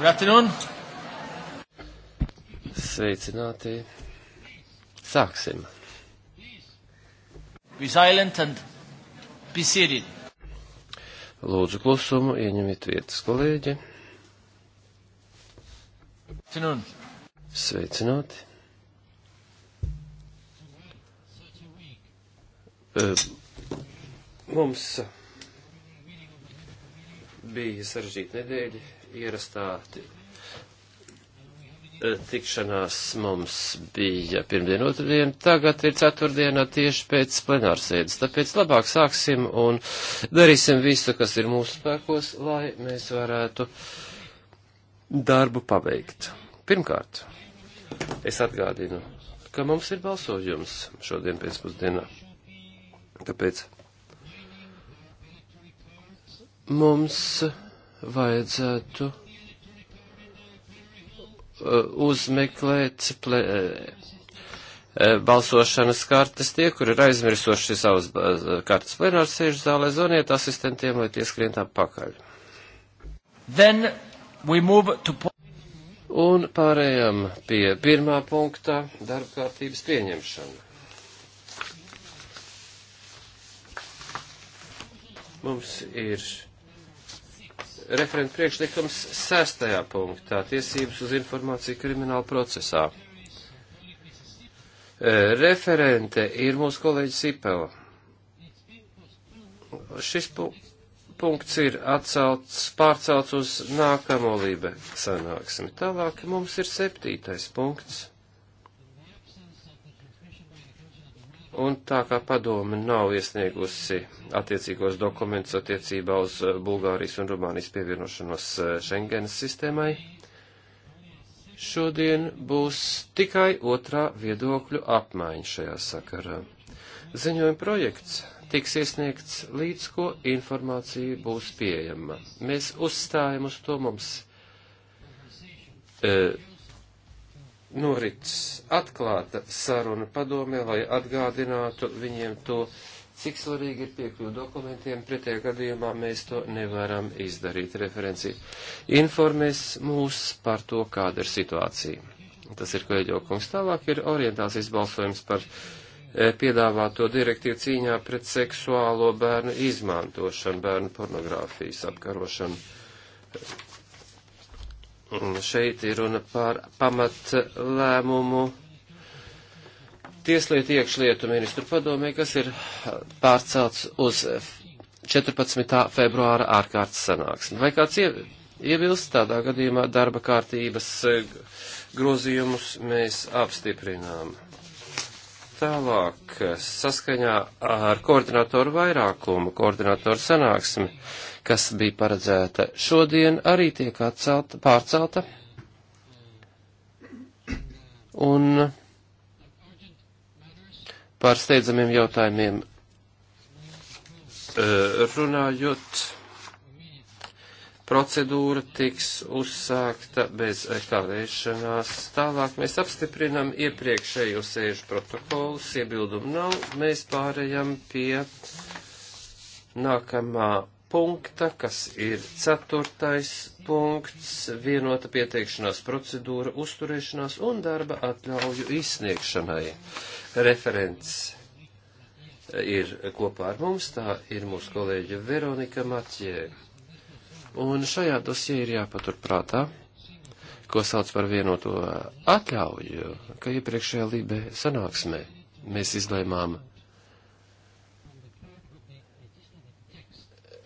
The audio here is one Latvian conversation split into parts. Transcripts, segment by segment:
Good afternoon. Sveicināti. Sāksim. Be silent and be seated. Lūdzu klusumu, ieņemiet vietas, kolēģi. Afternoon. Sveicināti. Mums bija sarežģīta nedēļa ierastā eh, tikšanās mums bija pirmdien, otrdien, tagad ir ceturtdienā tieši pēc plenārsēdes. Tāpēc labāk sāksim un darīsim visu, kas ir mūsu spēkos, lai mēs varētu darbu pabeigt. Pirmkārt, es atgādinu, ka mums ir balsojums šodien pēcpusdienā. Tāpēc mums vajadzētu uh, uzmeklēt ple, uh, uh, balsošanas kartes tie, kur ir aizmirsoši savas kartes plenāras sēžu zālē, zvaniet asistentiem, lai tie skrientām pakaļ. To... Un pārējām pie pirmā punktā - darba kārtības pieņemšana. Mums ir referenta priekšlikums sestajā punktā - tiesības uz informāciju krimināla procesā. E, referente ir mūsu kolēģis Ipela. Šis pu punkts ir atcelts, pārcelts uz nākamo lībe sanāksmi. Tālāk mums ir septītais punkts. Un tā kā padome nav iesniegusi attiecīgos dokumentus attiecībā uz eh, Bulgārijas un Rumānijas pievienošanos eh, Schengenas sistēmai, šodien būs tikai otrā viedokļu apmaiņa šajā sakarā. Ziņojuma projekts tiks iesniegts līdz, ko informācija būs pieejama. Mēs uzstājam uz to mums. E, norits atklāta saruna padomē, lai atgādinātu viņiem to, cik svarīgi ir piekļuvi dokumentiem, pretējā gadījumā mēs to nevaram izdarīt. Referenci informēs mūs par to, kāda ir situācija. Tas ir kolēģokums. Tālāk ir orientācijas balsojums par e, piedāvāto direktīvu cīņā pret seksuālo bērnu izmantošanu, bērnu pornogrāfijas apkarošanu Šeit ir runa par pamatlēmumu Tieslietu iekšlietu ministru padomē, kas ir pārcelts uz 14. februāra ārkārtas sanāksmi. Vai kāds iebilst tādā gadījumā darba kārtības eh, grozījumus mēs apstiprinām? Tālāk, saskaņā ar koordinatoru vairākumu, koordinatoru sanāksmi kas bija paredzēta šodien, arī tiek atcelta, pārcelta. Un par steidzamiem jautājumiem eh, runājot, procedūra tiks uzsākta bez kavēšanās. Tālāk mēs apstiprinam iepriekšējo sēžu protokolus, iebildumu nav, mēs pārējam pie nākamā punkta, kas ir ceturtais punkts - vienota pieteikšanās procedūra uzturēšanās un darba atļauju izsniegšanai. Referents ir kopā ar mums, tā ir mūsu kolēģe Veronika Matjē. Un šajā dosie ir jāpaturprātā, ko sauc par vienoto atļauju, ka iepriekšējā Lībē sanāksmē mēs izlēmām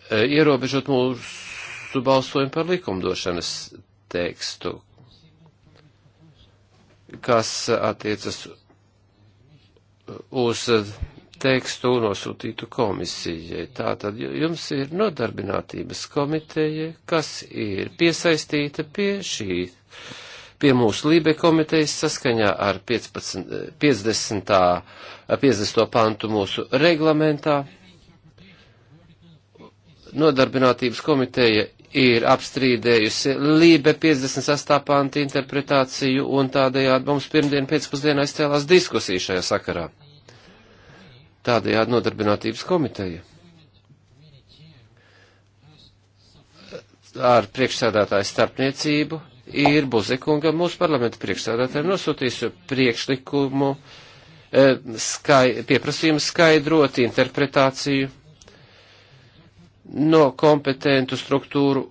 Eh, ierobežot mūsu balsojumu par likumdošanas tekstu, kas attiecas uz tekstu nosūtītu komisijai. Tātad jums ir nodarbinātības komiteja, kas ir piesaistīta pie šī, pie mūsu Lībe komitejas saskaņā ar 15, 50, 50. pantu mūsu reglamentā nodarbinātības komiteja ir apstrīdējusi Lībe 58. panta interpretāciju un tādējādi mums pirmdien pēcpusdienā izcēlās diskusija šajā sakarā. Tādējādi nodarbinātības komiteja. Ar priekšsēdētāju starpniecību ir Buzekungam mūsu parlamenta priekšsēdētājiem nosūtījusi priekšlikumu, e, skai, pieprasījumu skaidrot interpretāciju no kompetentu struktūru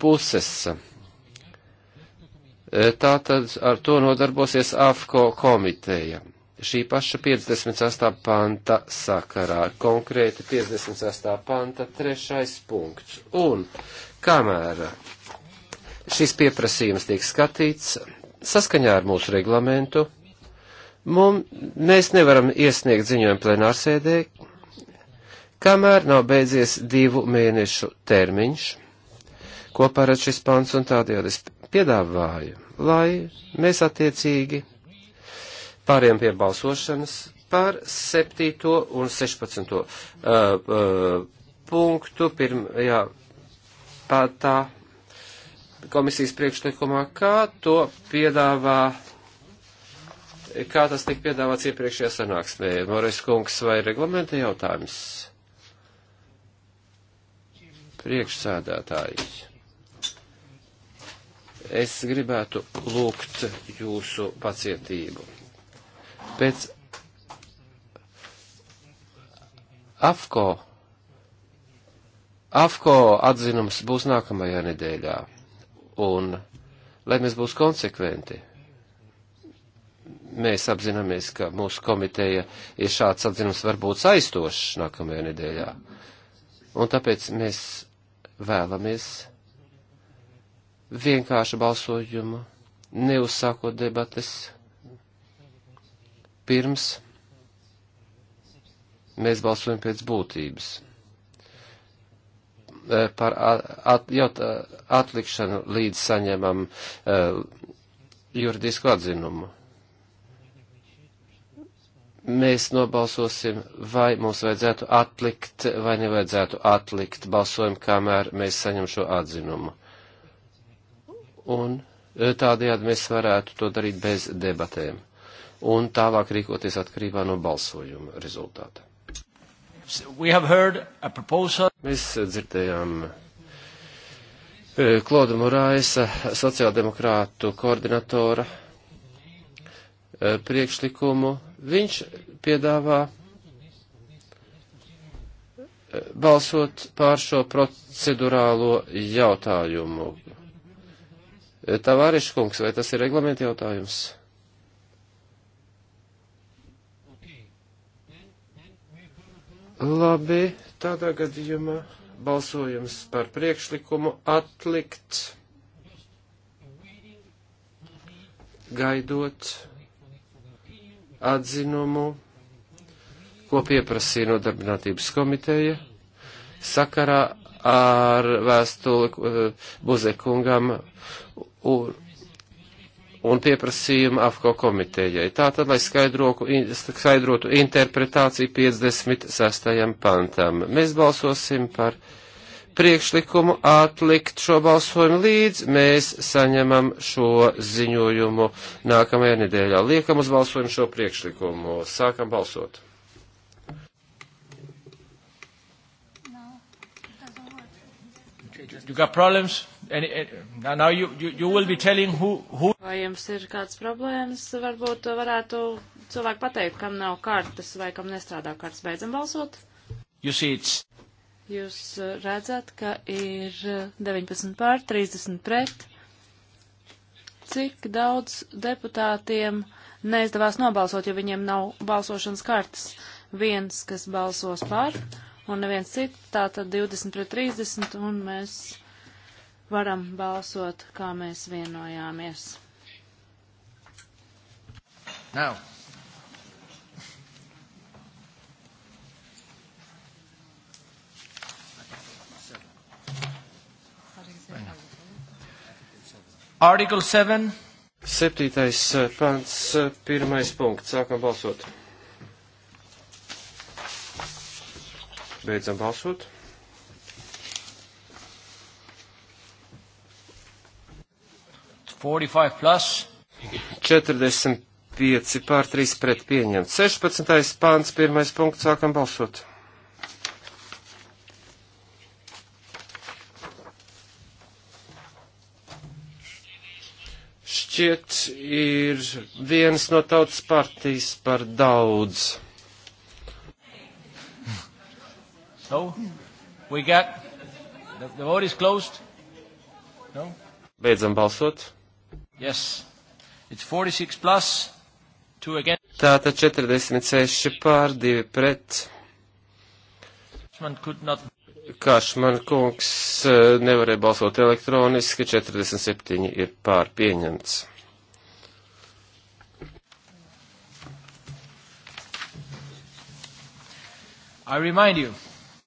puses. E, tātad ar to nodarbosies AFCO komiteja. Šī paša 58. panta sakarā, konkrēti 58. panta trešais punkts. Un kamēr šis pieprasījums tiek skatīts, saskaņā ar mūsu reglamentu, mum, mēs nevaram iesniegt ziņojumu plenārsēdē, kamēr nav beidzies divu mēnešu termiņš, ko paredz šis pants, un tādējādi es piedāvāju, lai mēs attiecīgi pāriem pie balsošanas par 7. un 16. Uh, uh, punktu pirmajā pātā komisijas priekšlikumā, kā to piedāvā kā tas tika piedāvāts iepriekšējā sanāksmē. Morais kungs vai reglamenta jautājums? priekšsēdētājs. Es gribētu lūgt jūsu pacietību. Pēc AFCO, AFCO atzinums būs nākamajā nedēļā. Un, lai mēs būs konsekventi, mēs apzināmies, ka mūsu komiteja ir šāds atzinums varbūt saistošs nākamajā nedēļā. Un tāpēc mēs vēlamies vienkāršu balsojumu, neuzsākot debates pirms mēs balsojam pēc būtības e, par at, jaut, atlikšanu līdz saņemam uh, juridisku atzinumu mēs nobalsosim, vai mums vajadzētu atlikt vai nevajadzētu atlikt balsojumu, kamēr mēs saņem šo atzinumu. Un e, tādējādi mēs varētu to darīt bez debatēm un tālāk rīkoties atkarībā no balsojuma rezultāta. Mēs dzirdējām e, Klauda Morāisa, sociāldemokrātu koordinatora e, priekšlikumu Viņš piedāvā eh, balsot pār šo procedurālo jautājumu. Eh, Tavāriškungs, vai tas ir reglamenta jautājums? Labi, tādā gadījumā balsojums par priekšlikumu atlikt, gaidot atzinumu, ko pieprasīja nodarbinātības komiteja sakarā ar vēstuli eh, Buzekungam un, un pieprasījumu AFCO komitejai. Tātad, lai skaidroku, skaidrotu interpretāciju 56. pantam, mēs balsosim par priekšlikumu atlikt šo balsojumu līdz mēs saņemam šo ziņojumu nākamajā nedēļā. Liekam uz balsojumu šo priekšlikumu. Sākam balsot. You got problems? Any, any, eh, now you, you, you will be telling who, who... Vai jums ir kāds problēmas? Varbūt varētu cilvēku pateikt, kam nav kartas vai kam nestrādā kartas. Beidzam balsot. You see, it's Jūs uh, redzat, ka ir 19 uh, pār 30 pret. Cik daudz deputātiem neizdevās nobalsot, jo viņiem nav balsošanas kartas? Viens, kas balsos pār, un neviens cits, tā tad 20 pret 30, un mēs varam balsot, kā mēs vienojāmies. Now. Article 7. Septītais eh, pants, eh, pirmais punkts. Sākam balsot. Beidzam balsot. Četrdesmit pieci pār trīs pret pieņemt. Sešpadsmitais pants, pirmais punkts. Sākam balsot. šķiet ir viens no tautas partijas par daudz. So, we got, the, the vote is closed. No? Beidzam balsot. Yes. It's 46 plus, 2 again. Tātad 46 pār 2 pret. Not... Kašman kungs eh, nevarēja balsot elektroniski, 47 ir pārpieņemts.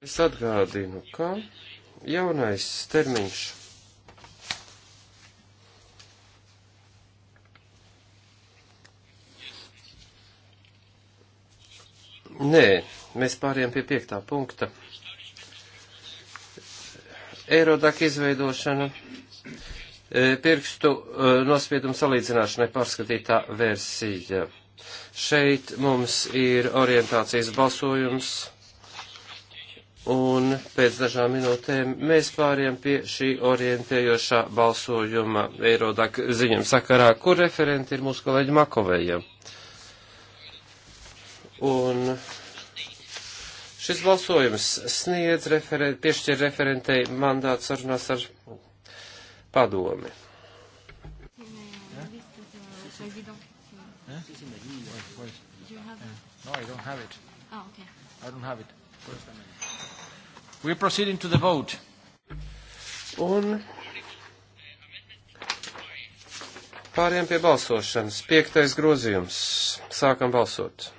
Es atgādinu, ka jaunais termiņš Nē, mēs pāriem pie piektā punkta. Eirodaka izveidošana e, pirkstu e, nospiedumu salīdzināšanai pārskatītā versija. Šeit mums ir orientācijas balsojums, un pēc dažām minūtēm mēs pāriem pie šī orientējošā balsojuma Eirodak ziņam sakarā, kur referenti ir mūsu kolēģi Makovēja. Un Šis balsojums sniedz referent, piešķir referentei mandātu sarunās ar padomi. Oh, Un pāriem pie balsošanas. Piektais grozījums. Sākam balsot.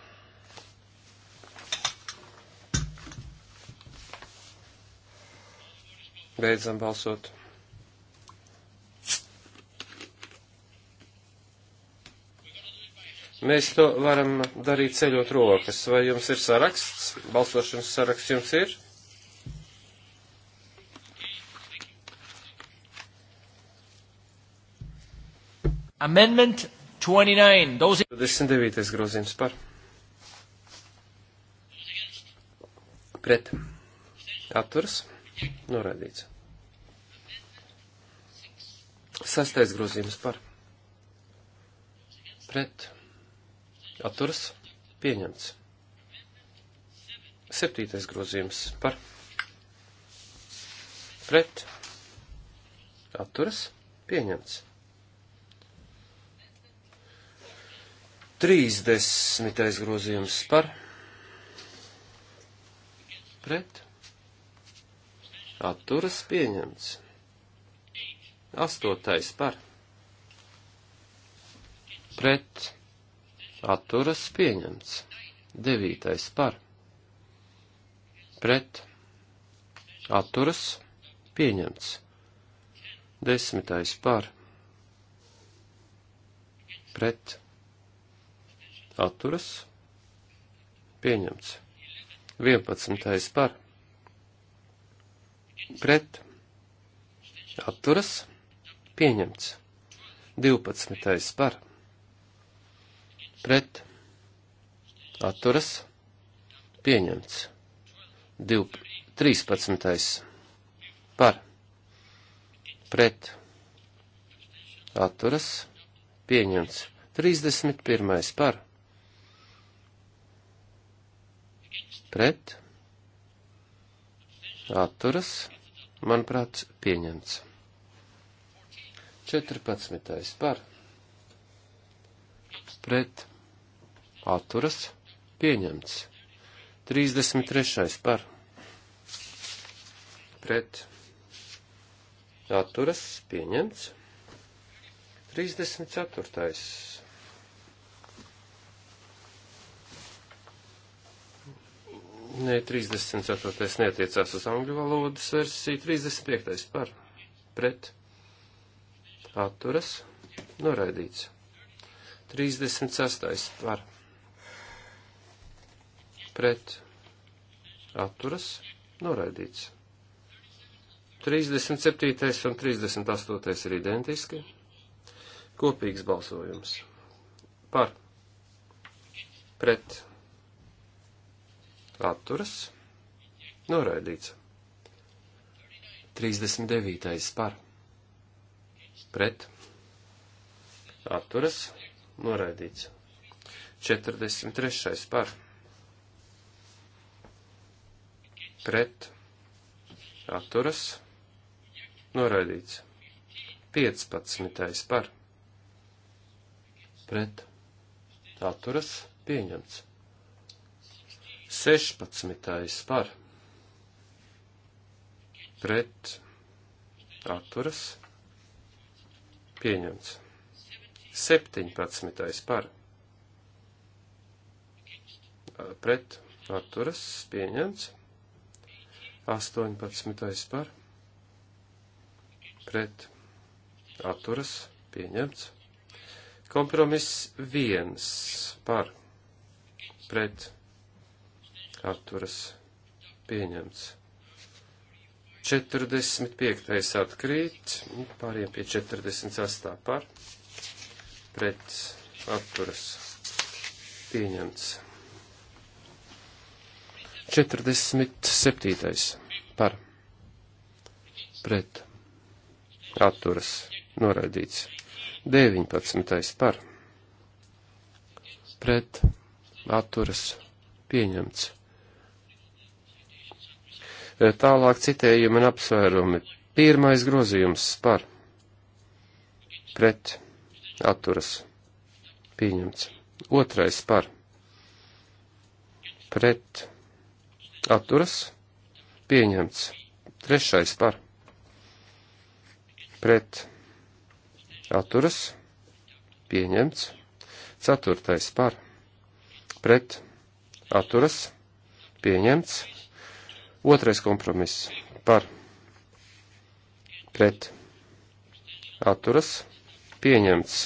Beidzam balsot. Mēs to varam darīt ceļot rokas. Vai jums ir saraksts? Balsošanas saraksts jums ir? Amendment 29. Those... 29. grozījums par. Pret. Atturs. Noraidīts. Sastais grozījums par. Pret. Atturs. Pieņemts. Septītais grozījums par. Pret. Atturs. Pieņemts. 30. grozījums par pret atturas pieņemts. Astotais par pret atturas pieņemts. Devītais par pret atturas pieņemts. Desmitais par pret atturas pieņemts. Vienpadsmitais par pret atturas pieņemts. 12. par pret atturas pieņemts. 12. 13. par pret atturas pieņemts. 31. par pret atturas pieņemts manuprāt, pieņemts. 14. par pret atturas pieņemts. 33. par pret atturas pieņemts. 34. Nē, 34. neatiecās uz angļu valodas versiju, 35. par pret atturas noraidīts. 36. par pret atturas noraidīts. 37. un 38. ir identiski. Kopīgs balsojums. Par. Pret atturas noraidīts. 39. par pret atturas noraidīts. 43. par pret atturas noraidīts. 15. par pret atturas pieņemts. 16. par pret atturas pieņemts. 17. par pret atturas pieņemts. 18. par pret atturas pieņemts. Kompromiss 1 par pret atturas atturas pieņemts. 45. atkrīt, pāriem pie 48. par, pret atturas pieņemts. 47. par pret atturas noraidīts. 19. par pret atturas pieņemts. Eh, tālāk citējumi un apsvērumi. Pirmais grozījums par pret atturas pieņemts. Otrais par pret atturas pieņemts. Trešais par pret atturas pieņemts. Ceturtais par pret atturas pieņemts. Otrais kompromiss par pret atturas pieņemts.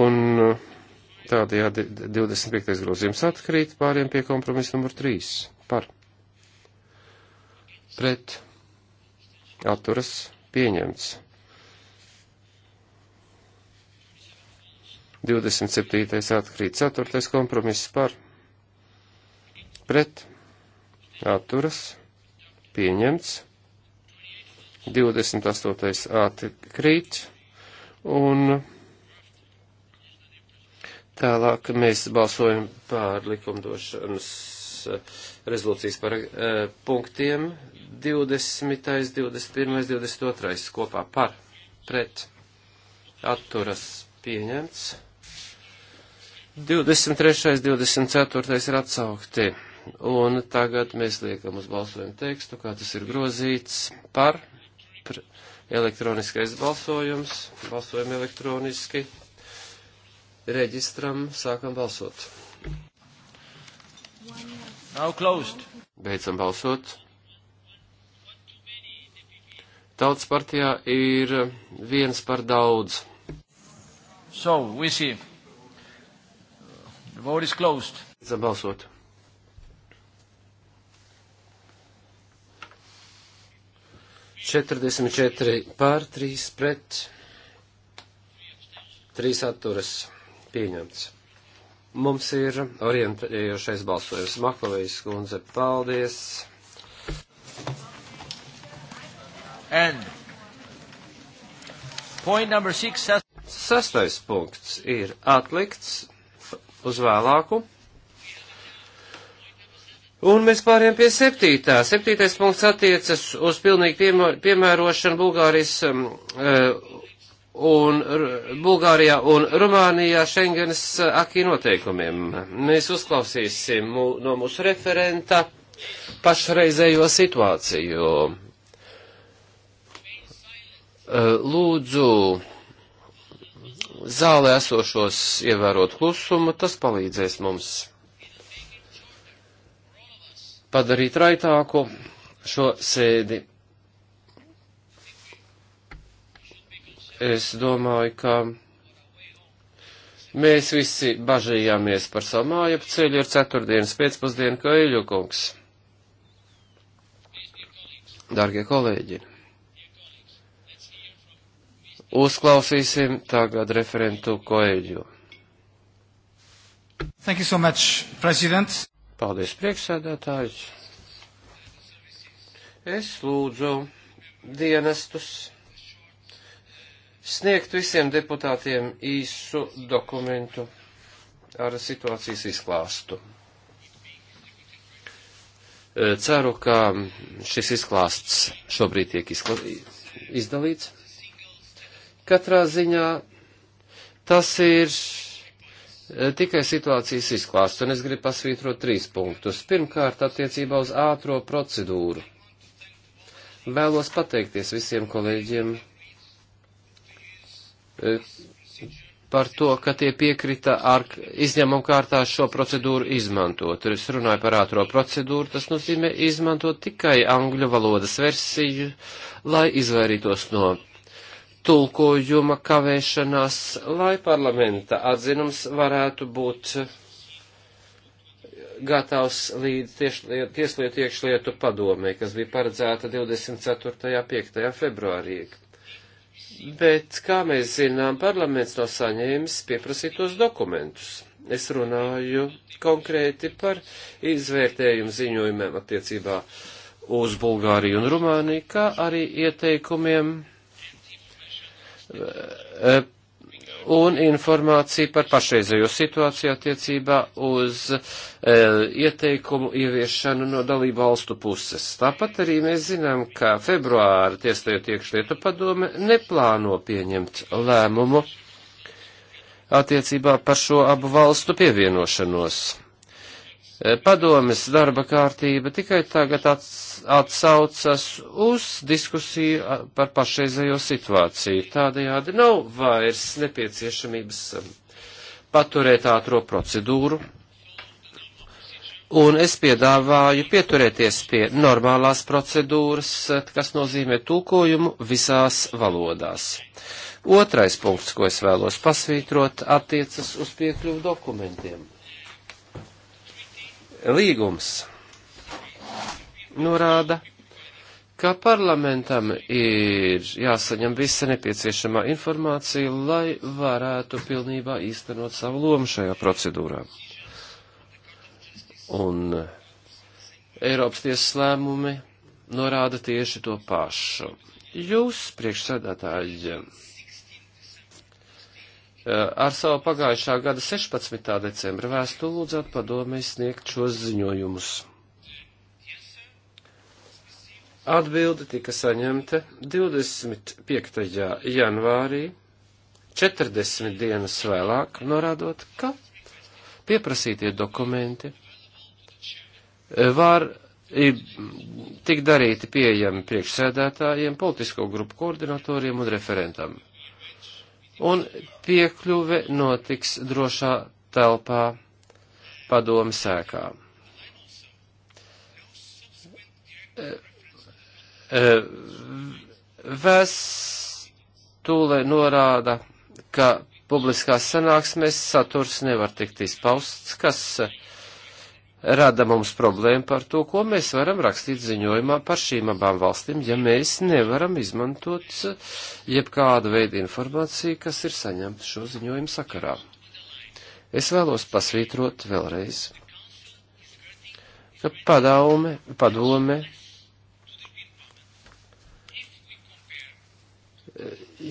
Un uh, tādējādi 25. grozījums atkrīt pāriem pie kompromisa numur 3 par pret atturas pieņemts. 27. atkrīt 4. kompromiss par pret pret atturas pieņemts. 28. atkrīt un Tālāk mēs balsojam par likumdošanas eh, rezolūcijas par uh, punktiem 20., 21., 22. kopā par pret atturas pieņemts. 23., 24. ir atsaukti. Un tagad mēs liekam uz balsojumu tekstu, kā tas ir grozīts par elektroniskais balsojums. Balsojam elektroniski. Reģistram sākam balsot. Nav klaust. Beidzam balsot. Tautas partijā ir viens par daudz. So, we see. The vote is closed. Beidzam balsot. 44 pār 3 pret 3 atturas pieņemts. Mums ir orientējošais balsojums. Makovejas kundze, paldies! And point number six. Sastais punkts ir atlikts uz vēlāku. Un mēs pāriem pie septītā. Septītais punkts attiecas uz pilnīgi piemērošanu Bulgārijas um, uh, un Bulgārijā un Rumānijā Schengenas uh, akī noteikumiem. Mēs uzklausīsim mū, no mūsu referenta pašreizējo situāciju. Uh, lūdzu, zālē esošos ievērot klusumu, tas palīdzēs mums padarīt raitāku šo sēdi. Es domāju, ka mēs visi bažījāmies par savu māju ceļu ar ceturtdienas pēcpusdienu, ka Eļukungs. Dargie kolēģi, uzklausīsim tagad referentu Koeļu. Thank you so much, President. Paldies, priekšsēdētājs. Es lūdzu dienestus sniegt visiem deputātiem īsu dokumentu ar situācijas izklāstu. Ceru, ka šis izklāsts šobrīd tiek izkla... izdalīts. Katrā ziņā tas ir Eh, tikai situācijas izklāstu, un es gribu pasvītrot trīs punktus. Pirmkārt, attiecībā uz ātro procedūru. Vēlos pateikties visiem kolēģiem eh, par to, ka tie piekrita ar izņemumu kārtā šo procedūru izmantot. Tur es runāju par ātro procedūru, tas nozīmē izmantot tikai angļu valodas versiju, lai izvairītos no tulkojuma kavēšanās, lai parlamenta atzinums varētu būt gatavs līdz tieslietu iekšlietu padomē, kas bija paredzēta 24. 5. februārī. Bet, kā mēs zinām, parlaments nav no saņēmis pieprasītos dokumentus. Es runāju konkrēti par izvērtējumu ziņojumiem attiecībā uz Bulgāriju un Rumāniju, kā arī ieteikumiem Eh, un informāciju par pašreizējo situāciju attiecībā uz e, ieteikumu ieviešanu no dalību valstu puses. Tāpat arī mēs zinām, ka februāra tieslietu iekšlietu padome neplāno pieņemt lēmumu attiecībā par šo abu valstu pievienošanos. E, padomes darba kārtība tikai tagad atsākās atsaucas uz diskusiju par pašreizējo situāciju. Tādējādi nav vairs nepieciešamības um, paturēt ātro procedūru, un es piedāvāju pieturēties pie normālās procedūras, kas nozīmē tulkojumu visās valodās. Otrais punkts, ko es vēlos pasvītrot, attiecas uz piekļuvu dokumentiem. Līgums norāda, ka parlamentam ir jāsaņem visa nepieciešamā informācija, lai varētu pilnībā īstenot savu lomu šajā procedūrā. Un Eiropas tiesas lēmumi norāda tieši to pašu. Jūs, priekšsēdētāji, ar savu pagājušā gada 16. decembra vēstuli lūdzat padomēs sniegt šos ziņojumus. Atbilde tika saņemta 25. janvārī, 40 dienas vēlāk, norādot, ka pieprasītie dokumenti e, var tik darīti pieejami priekšsēdētājiem, politisko grupu koordinatoriem un referentam. Un piekļuve notiks drošā telpā padomu sēkā. E, Eh, vēstule norāda, ka publiskās sanāksmēs saturs nevar tikt izpausts, kas eh, rada mums problēmu par to, ko mēs varam rakstīt ziņojumā par šīm abām valstīm, ja mēs nevaram izmantot eh, jebkādu veidu informāciju, kas ir saņemta šo ziņojumu sakarā. Es vēlos pasvītrot vēlreiz, ka padaume, padome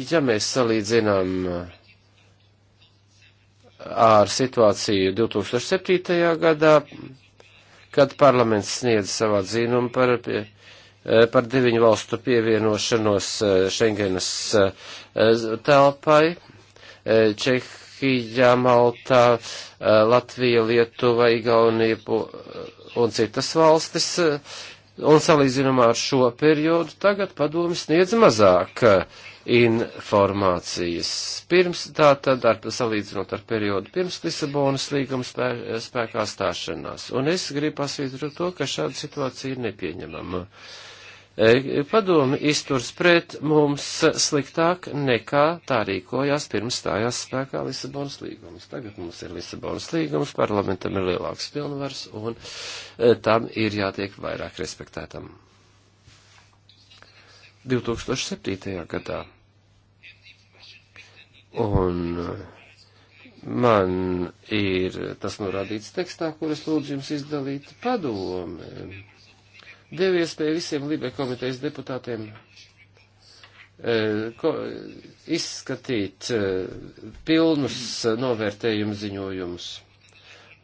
ja mēs salīdzinām uh, ar situāciju 2007. gadā, kad parlaments sniedz savā dzīnumu par, uh, par deviņu valstu pievienošanos uh, Schengenas telpai, Čehijā, Maltā, Latvija, Lietuva, Igaunija un citas valstis un salīdzinumā ar šo periodu tagad padomi sniedz mazāk eh, informācijas. Pirms tā tad, ar, salīdzinot ar periodu pirms Lisabonas līguma spē, spēkā stāšanās. Un es gribu pasvītrot to, ka šāda situācija ir nepieņemama. Uh, E, padomi izturs pret mums sliktāk nekā tā rīkojās pirms stājās spēkā Lisabonas līgums. Tagad mums ir Lisabonas līgums, parlamentam ir lielāks pilnvars un e, tam ir jātiek vairāk respektētam. 2007. gadā. Un e, man ir tas norādīts tekstā, kur es lūdzu jums izdalīt padomi deva iespēju visiem Libe komitejas deputātiem e, ko, izskatīt e, pilnus novērtējumu ziņojumus.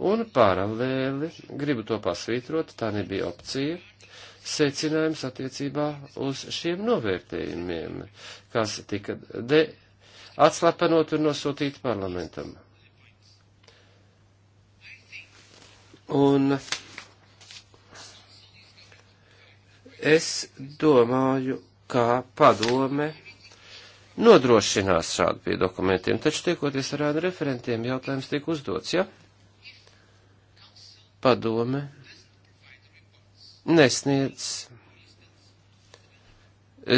Un paralēli, gribu to pasvītrot, tā nebija opcija, secinājums attiecībā uz šiem novērtējumiem, kas tika de, atslepenot un nosūtīt parlamentam. Un Es domāju, kā padome nodrošinās šādu pie dokumentiem, taču tiekoties ar ādu referentiem, jautājums tiek uzdots, ja? Padome nesniedz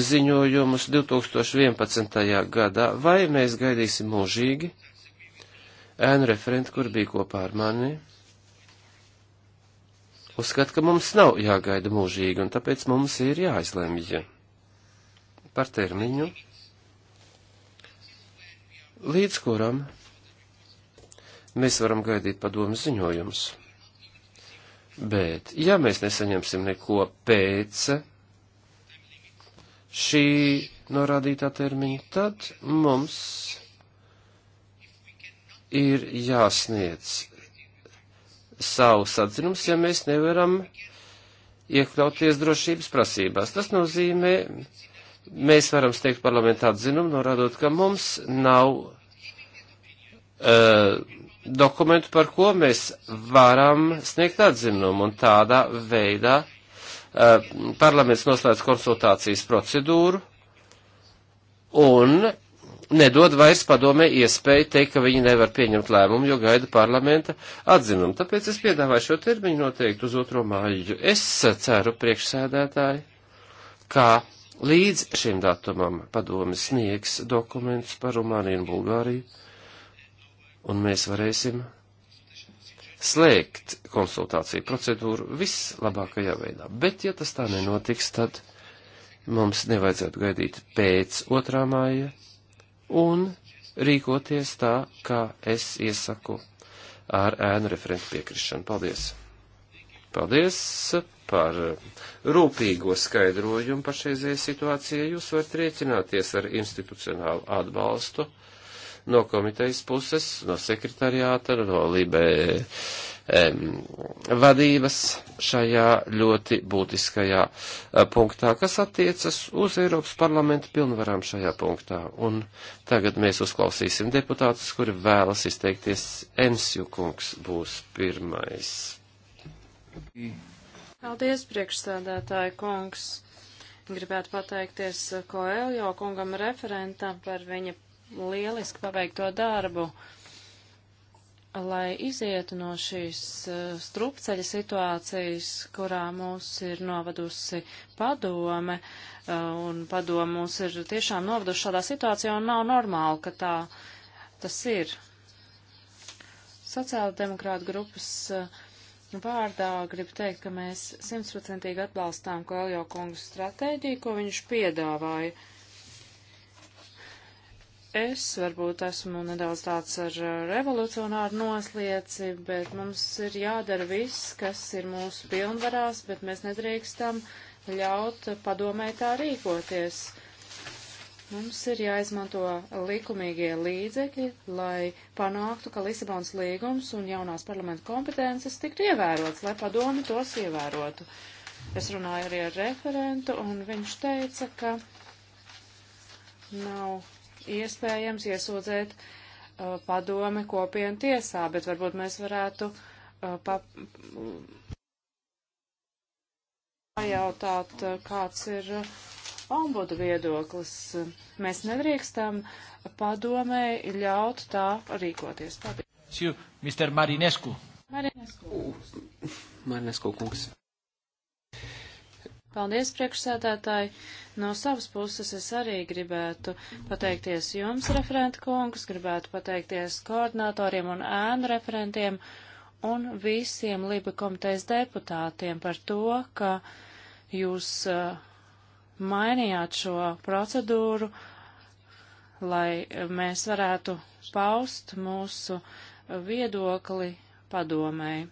ziņojumus 2011. gadā, vai mēs gaidīsim mūžīgi ēnu referentu, kur bija kopā ar mani, uzskata, ka mums nav jāgaida mūžīgi, un tāpēc mums ir jāizlemj par termiņu, līdz kuram mēs varam gaidīt padomu ziņojumus. Bet, ja mēs nesaņemsim neko pēc šī norādītā termiņa, tad mums ir jāsniedz savus atzinumus, ja mēs nevaram iekļauties drošības prasībās. Tas nozīmē, mēs varam steigt parlamentā atzinumu, norādot, ka mums nav uh, dokumentu, par ko mēs varam sniegt atzinumu, un tādā veidā uh, parlaments noslēdz konsultācijas procedūru, un nedod vairs padomē iespēju teikt, ka viņi nevar pieņemt lēmumu, jo gaida parlamenta atzinumu. Tāpēc es piedāvāju šo termiņu noteikti uz otro māju. Es ceru priekšsēdētāji, kā līdz šim datumam padomi sniegs dokumentus par Rumāniju un Bulgāriju, un mēs varēsim slēgt konsultāciju procedūru vislabākajā veidā. Bet, ja tas tā nenotiks, tad mums nevajadzētu gaidīt pēc otrā māja un rīkoties tā, kā es iesaku ar ēnu referentu piekrišanu. Paldies! Paldies par rūpīgo skaidrojumu pašreizējai situācijai. Jūs varat rēķināties ar institucionālu atbalstu no komitejas puses, no sekretariāta, no Libē um, vadības šajā ļoti būtiskajā eh, punktā, kas attiecas uz Eiropas parlamenta pilnvarām šajā punktā. Un tagad mēs uzklausīsim deputātus, kuri vēlas izteikties. Ensju kungs būs pirmais. Paldies, priekšsēdētāji kungs. Gribētu pateikties Koeljo kungam referentam par viņa lieliski paveikto darbu. Uh, lai izietu no šīs eh, strupceļa situācijas, kurā mūs ir novadusi padome, eh, un padome mūs ir tiešām novaduši šādā situācijā, un nav normāli, ka tā tas ir. Sociāla demokrāta grupas eh, vārdā gribu teikt, ka mēs simtprocentīgi atbalstām Koeljo kungu stratēģiju, ko viņš piedāvāja es varbūt esmu nedaudz tāds ar revolucionāru noslieci, bet mums ir jādara viss, kas ir mūsu pilnvarās, bet mēs nedrīkstam ļaut padomē tā rīkoties. Mums ir jāizmanto likumīgie līdzekļi, lai panāktu, ka Lisabonas līgums un jaunās parlamenta kompetences tiktu ievērots, lai padomi tos ievērotu. Es runāju arī ar referentu, un viņš teica, ka nav iespējams iesūdzēt uh, padome kopienu tiesā, bet varbūt mēs varētu uh, pa, pajautāt, uh, kāds ir uh, ombudu viedoklis. Mēs nedrīkstam padomēji ļaut tā rīkoties. Paldies. Mr. Marinescu. Marinescu. Marinescu kungs. Paldies, priekšsēdētāji! No savas puses es arī gribētu pateikties jums, referenta kungs, gribētu pateikties koordinatoriem un ēnu referentiem un visiem Liba komitejas deputātiem par to, ka jūs uh, mainījāt šo procedūru, lai mēs varētu paust mūsu viedokli padomēji.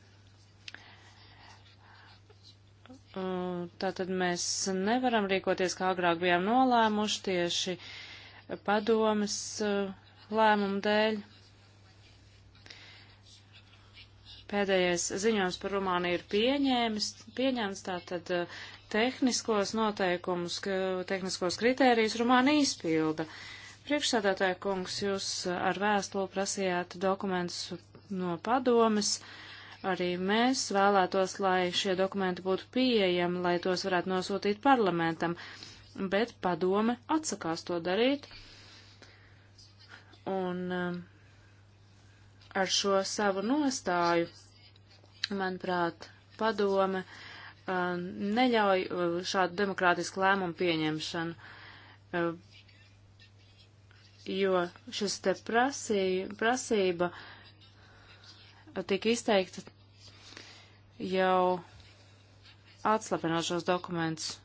Tātad mēs nevaram rīkoties, kā agrāk bijām nolēmuši, tieši padomas uh, lēmumu dēļ. Pēdējais ziņojums par Rumāniju ir pieņēmis, pieņēmis tātad uh, tehniskos noteikumus, tehniskos kritērijus Rumānija izpilda. Priekšsādātāja kungs, jūs ar vēstuli prasījāt dokumentus no padomes. Uh, Arī mēs vēlētos, lai šie dokumenti būtu pieejami, lai tos varētu nosūtīt parlamentam, bet padome atsakās to darīt. Un um, ar šo savu nostāju, manuprāt, padome um, neļauj uh, šādu demokrātisku lēmumu pieņemšanu, uh, jo šis te prasī, prasība uh, tika izteikta jau atslapinot šos dokumentus.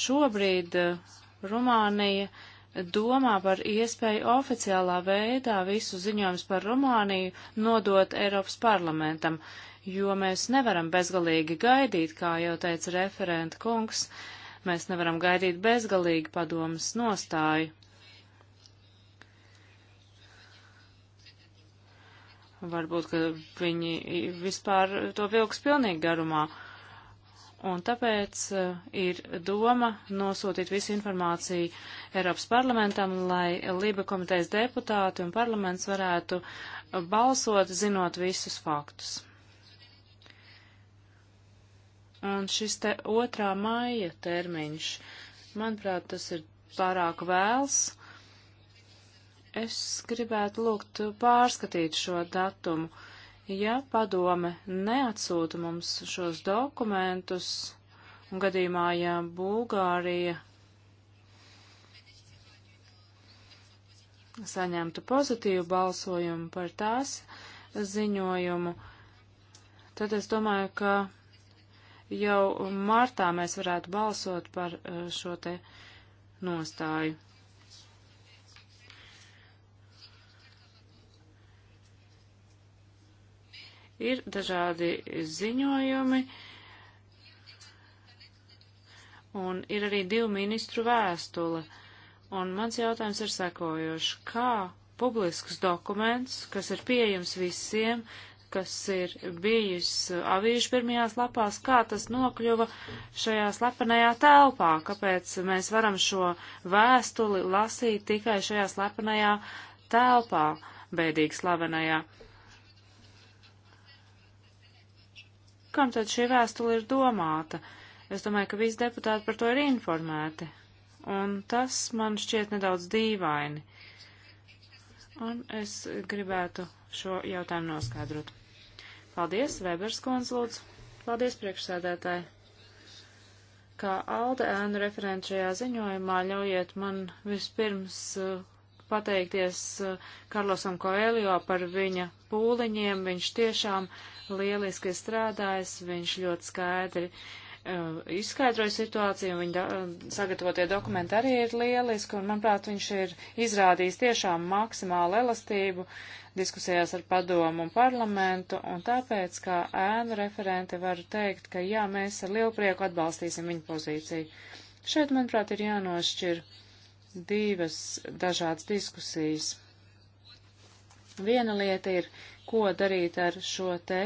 Šobrīd eh, Rumānija domā par iespēju oficiālā veidā visu ziņojumus par Rumāniju nodot Eiropas parlamentam, jo mēs nevaram bezgalīgi gaidīt, kā jau teica referenta kungs, mēs nevaram gaidīt bezgalīgi padomas nostāju. Varbūt, ka viņi vispār to vilks pilnīgi garumā. Un tāpēc uh, ir doma nosūtīt visu informāciju Eiropas parlamentam, lai Liba komitejas deputāti un parlaments varētu balsot, zinot visus faktus. Un šis te otrā maija termiņš, manuprāt, tas ir pārāk vēls. Uh, Es gribētu lūgt pārskatīt šo datumu. Ja padome neatsūta mums šos dokumentus, un gadījumā, ja Bulgārija saņemtu pozitīvu balsojumu par tās ziņojumu, tad es domāju, ka jau martā mēs varētu balsot par eh, šo te nostāju. Ir dažādi ziņojumi, un ir arī divu ministru vēstule. Un mans jautājums ir sekojoši, kā publisks dokuments, kas ir pieejams visiem, kas ir bijis avīžu pirmajās lapās, kā tas nokļuva šajā slepenajā telpā, kāpēc mēs varam šo vēstuli lasīt tikai šajā slepenajā telpā, bēdīgi slavenajā. Uh, kam tad šī vēstule ir domāta? Es domāju, ka visi deputāti par to ir informēti. Un tas man šķiet nedaudz dīvaini. Un es gribētu šo jautājumu noskaidrot. Paldies, Weberskons lūdzu. Paldies, priekšsēdētāji. Kā Alde ēnu referenčajā ziņojumā ļaujiet man vispirms uh, pateikties eh, Karlosam Koelio par viņa pūliņiem. Viņš tiešām lieliski strādājis, viņš ļoti skaidri uh, izskaidroja situāciju, viņa do, eh, sagatavotie dokumenti arī ir lieliski, un, manuprāt, viņš ir izrādījis tiešām maksimālu elastību diskusijās ar padomu un parlamentu, un tāpēc, kā ēnu referente, varu teikt, ka jā, mēs ar lielu prieku atbalstīsim viņa pozīciju. Šeit, manuprāt, ir jānošķir divas dažādas diskusijas. Viena lieta ir, ko darīt ar šo te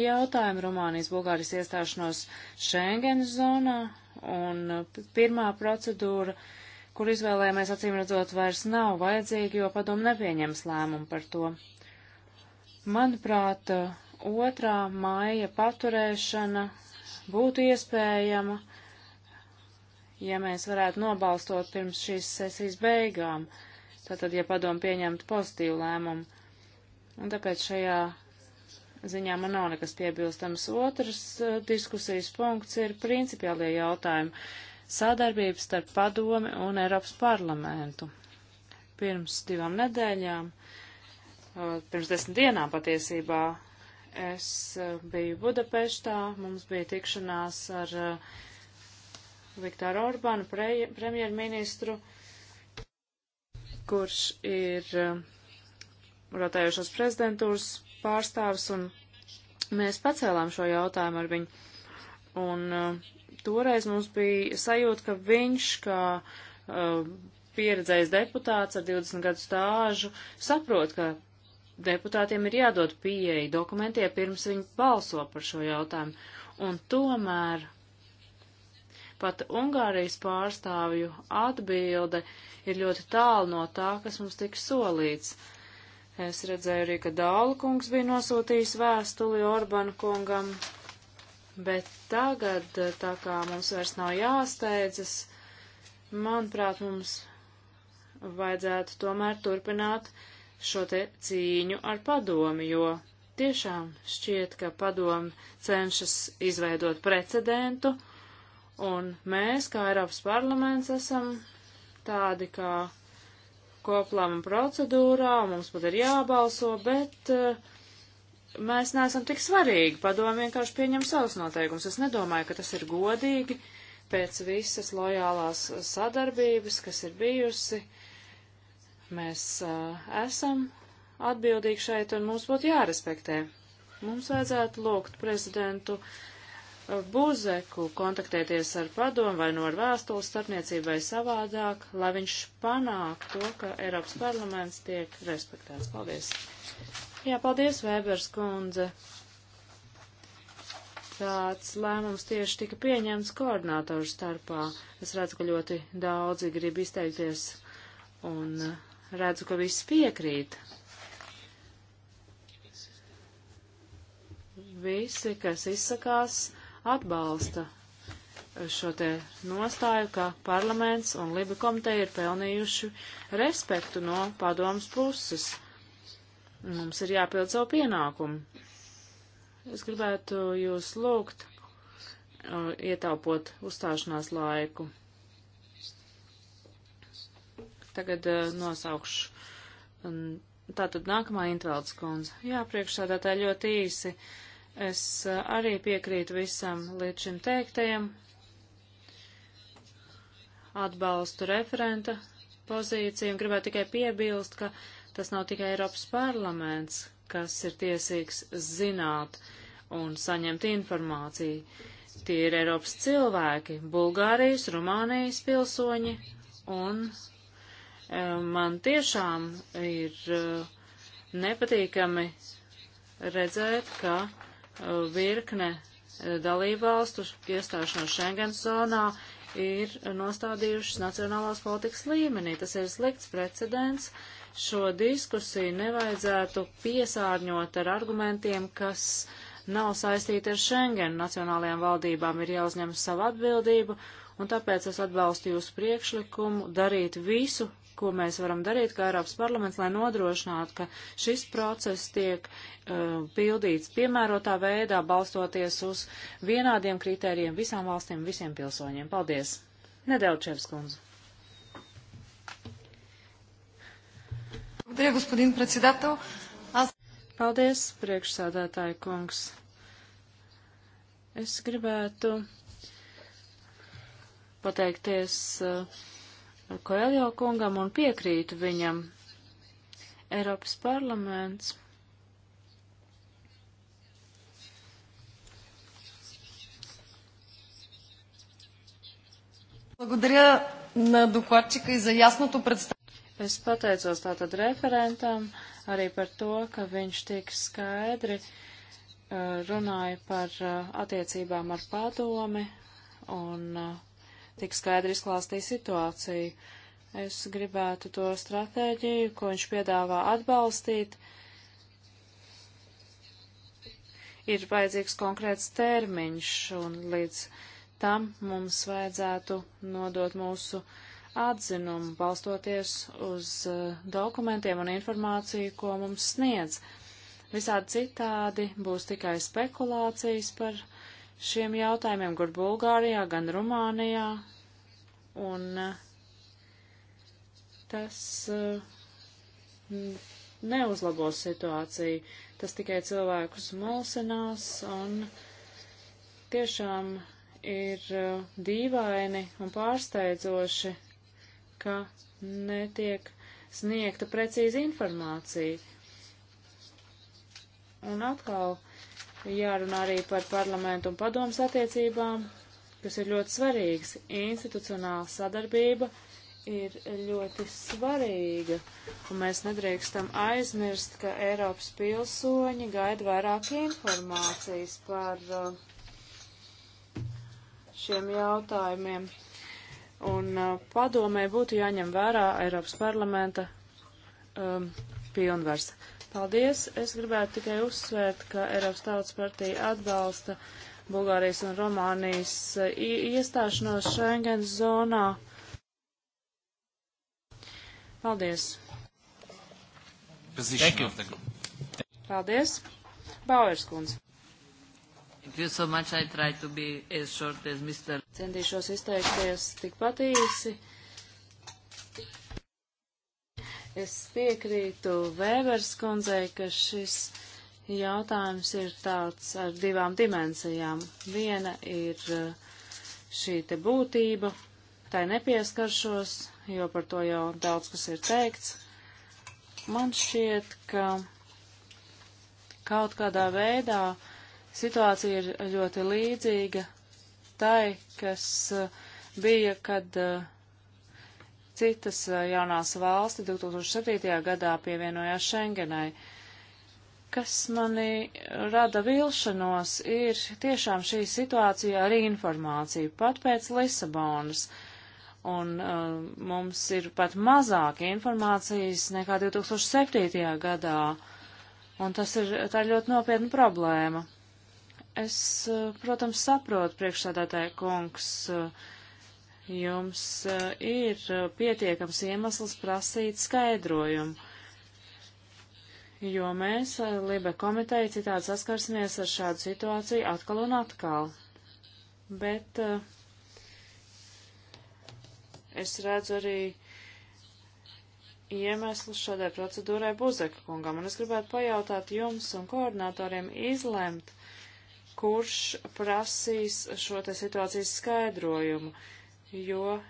jautājumu Rumānijas Bulgārijas iestāšanos Schengen zonā, un pirmā procedūra, kur izvēlējāmies acīm redzot, vairs nav vajadzīga, jo padomu nepieņems lēmumu par to. Manuprāt, otrā māja paturēšana būtu iespējama, uh, ja mēs varētu nobalstot pirms šīs sesijas beigām, tātad, ja padomu pieņemtu pozitīvu lēmumu. Un tāpēc šajā ziņā man nav nekas piebilstams. Otrs uh, diskusijas punkts ir principiālie jautājumi - sadarbības starp padomi un Eiropas parlamentu. Pirms divām nedēļām, uh, pirms desmit dienām patiesībā, es uh, biju Budapeštā, mums bija tikšanās ar uh, Viktoru Orbānu, pre, premjerministru, kurš ir um, rotējušos prezidentūras pārstāvis, un mēs pacēlām šo jautājumu ar viņu. Un uh, toreiz mums bija sajūta, ka viņš, kā uh, pieredzējis deputāts ar 20 gadu stāžu, saprot, ka deputātiem ir jādod pieeja dokumentiem, pirms viņi balso par šo jautājumu. Un tomēr Pat Ungārijas pārstāvju atbilde ir ļoti tālu no tā, kas mums tika solīts. Es redzēju arī, ka Dāla kungs bija nosūtījis vēstuli Orbanu kungam, bet tagad, tā kā mums vairs nav jāsteidzas, manuprāt, mums vajadzētu tomēr turpināt šo te cīņu ar padomi, jo tiešām šķiet, ka padomi cenšas izveidot precedentu, uh, Un mēs, kā Eiropas parlaments, esam tādi kā koplāma procedūrā, mums pat ir jābalso, bet uh, mēs neesam tik svarīgi. Padomu vienkārši pieņem savus noteikumus. Es nedomāju, ka tas ir godīgi pēc visas lojālās sadarbības, kas ir bijusi. Mēs uh, esam atbildīgi šeit un mums būtu jārespektē. Mums vajadzētu lūgt prezidentu uh, Buzeku kontaktēties ar padomu vai no ar vēstules starpniecību vai savādāk, lai viņš panāk to, ka Eiropas parlaments tiek respektēts. Paldies. Jā, paldies, Vēbers kundze. Tāds lēmums tieši tika pieņemts koordinātoru starpā. Es redzu, ka ļoti daudzi grib izteikties un redzu, ka viss piekrīt. Visi, kas izsakās, atbalsta šo te nostāju, ka parlaments un Liba komiteja ir pelnījuši respektu no padomas puses. Mums ir jāpild savu pienākumu. Es gribētu jūs lūgt uh, ietaupot uzstāšanās laiku. Tagad uh, nosaukšu. Tātad nākamā Intveldes kundze. Jā, priekšsādātāji ļoti īsi. Uh, Es eh, arī piekrītu visam līdz šim teiktajam, atbalstu referenta pozīciju un gribētu tikai piebilst, ka tas nav tikai Eiropas parlaments, kas ir tiesīgs zināt un saņemt informāciju. Tie ir Eiropas cilvēki, Bulgārijas, Rumānijas pilsoņi, un eh, man tiešām ir eh, nepatīkami redzēt, ka virkne eh, dalībvalstu iestāšanos Schengen zonā ir nostādījušas nacionālās politikas līmenī. Tas ir slikts precedents. Šo diskusiju nevajadzētu piesārņot ar argumentiem, kas nav saistīti ar Schengen. Nacionālajām valdībām ir jāuzņem savu atbildību, un tāpēc es atbalstu jūsu priekšlikumu darīt visu, ko mēs varam darīt kā Eiropas parlaments, lai nodrošinātu, ka šis process tiek uh, pildīts piemērotā veidā, balstoties uz vienādiem kritērijiem visām valstīm, visiem pilsoņiem. Paldies! Nedelčevs kundze. Благодаря, господин председател. Аз... Paldies, priekšsādātāja kungs. Es gribētu pateikties uh, Koeljo kungam un piekrītu viņam. Eiropas parlaments. Благодаря на докладчика и за ясното представление. Es pateicos tātad referentam arī par to, ka viņš tik skaidri uh, runāja par uh, attiecībām ar padomi un uh, tik skaidri izklāstīja situāciju. Es gribētu to stratēģiju, ko viņš piedāvā atbalstīt. Ir vajadzīgs konkrēts termiņš, un līdz tam mums vajadzētu nodot mūsu atzinumu, balstoties uz eh, dokumentiem un informāciju, ko mums sniedz. Visādi citādi būs tikai spekulācijas par šiem jautājumiem gan Bulgārijā, gan Rumānijā, un eh, tas eh, neuzlabos situāciju, tas tikai cilvēkus mulsinās, un tiešām ir eh, dīvaini un pārsteidzoši, ka netiek sniegta precīza informācija. Un atkal, uh, jārunā arī par parlamentu un padomas attiecībām, kas ir ļoti svarīgas. Institucionāla sadarbība ir ļoti svarīga, un mēs nedrīkstam aizmirst, ka Eiropas pilsoņi gaida vairāk informācijas par uh, šiem jautājumiem. Un uh, padomē būtu jāņem vērā Eiropas parlamenta um, pilnvars. Paldies! Es gribētu tikai uzsvērt, ka Eiropas Tautas partija atbalsta Bulgārijas un Romānijas eh, iestāšanos Schengen zonā. Paldies! Paldies! Bauers kundze. So much, as as Centīšos izteikties tikpat īsi Es piekrītu Vēvers kundzei, ka šis jautājums ir tāds ar divām dimensijām. Viena ir eh, šī te būtība, tai nepieskaršos, jo par to jau daudz kas ir teikts. Man šķiet, ka kaut kādā veidā situācija ir ļoti līdzīga tai, kas eh, bija, kad uh, Citas jaunās valsti 2007. gadā pievienojās Schengenai. Kas mani rada vilšanos, ir tiešām šī situācija ar informāciju pat pēc Lisabonas un uh, mums ir pat mazāk informācijas nekā 2007. gadā, un tas ir, tā ir ļoti nopietna problēma. Es, uh, protams, saprotu priekšsādātāja kungs, uh, jums eh, ir eh, pietiekams iemesls prasīt skaidrojumu, jo mēs, eh, Libe komiteja, citādi saskarsimies ar šādu situāciju atkal un atkal. Bet es redzu arī iemeslu šādai procedūrai Buzeka kungam, un es gribētu pajautāt jums un koordinatoriem izlemt, kurš prasīs šo te situācijas skaidrojumu jo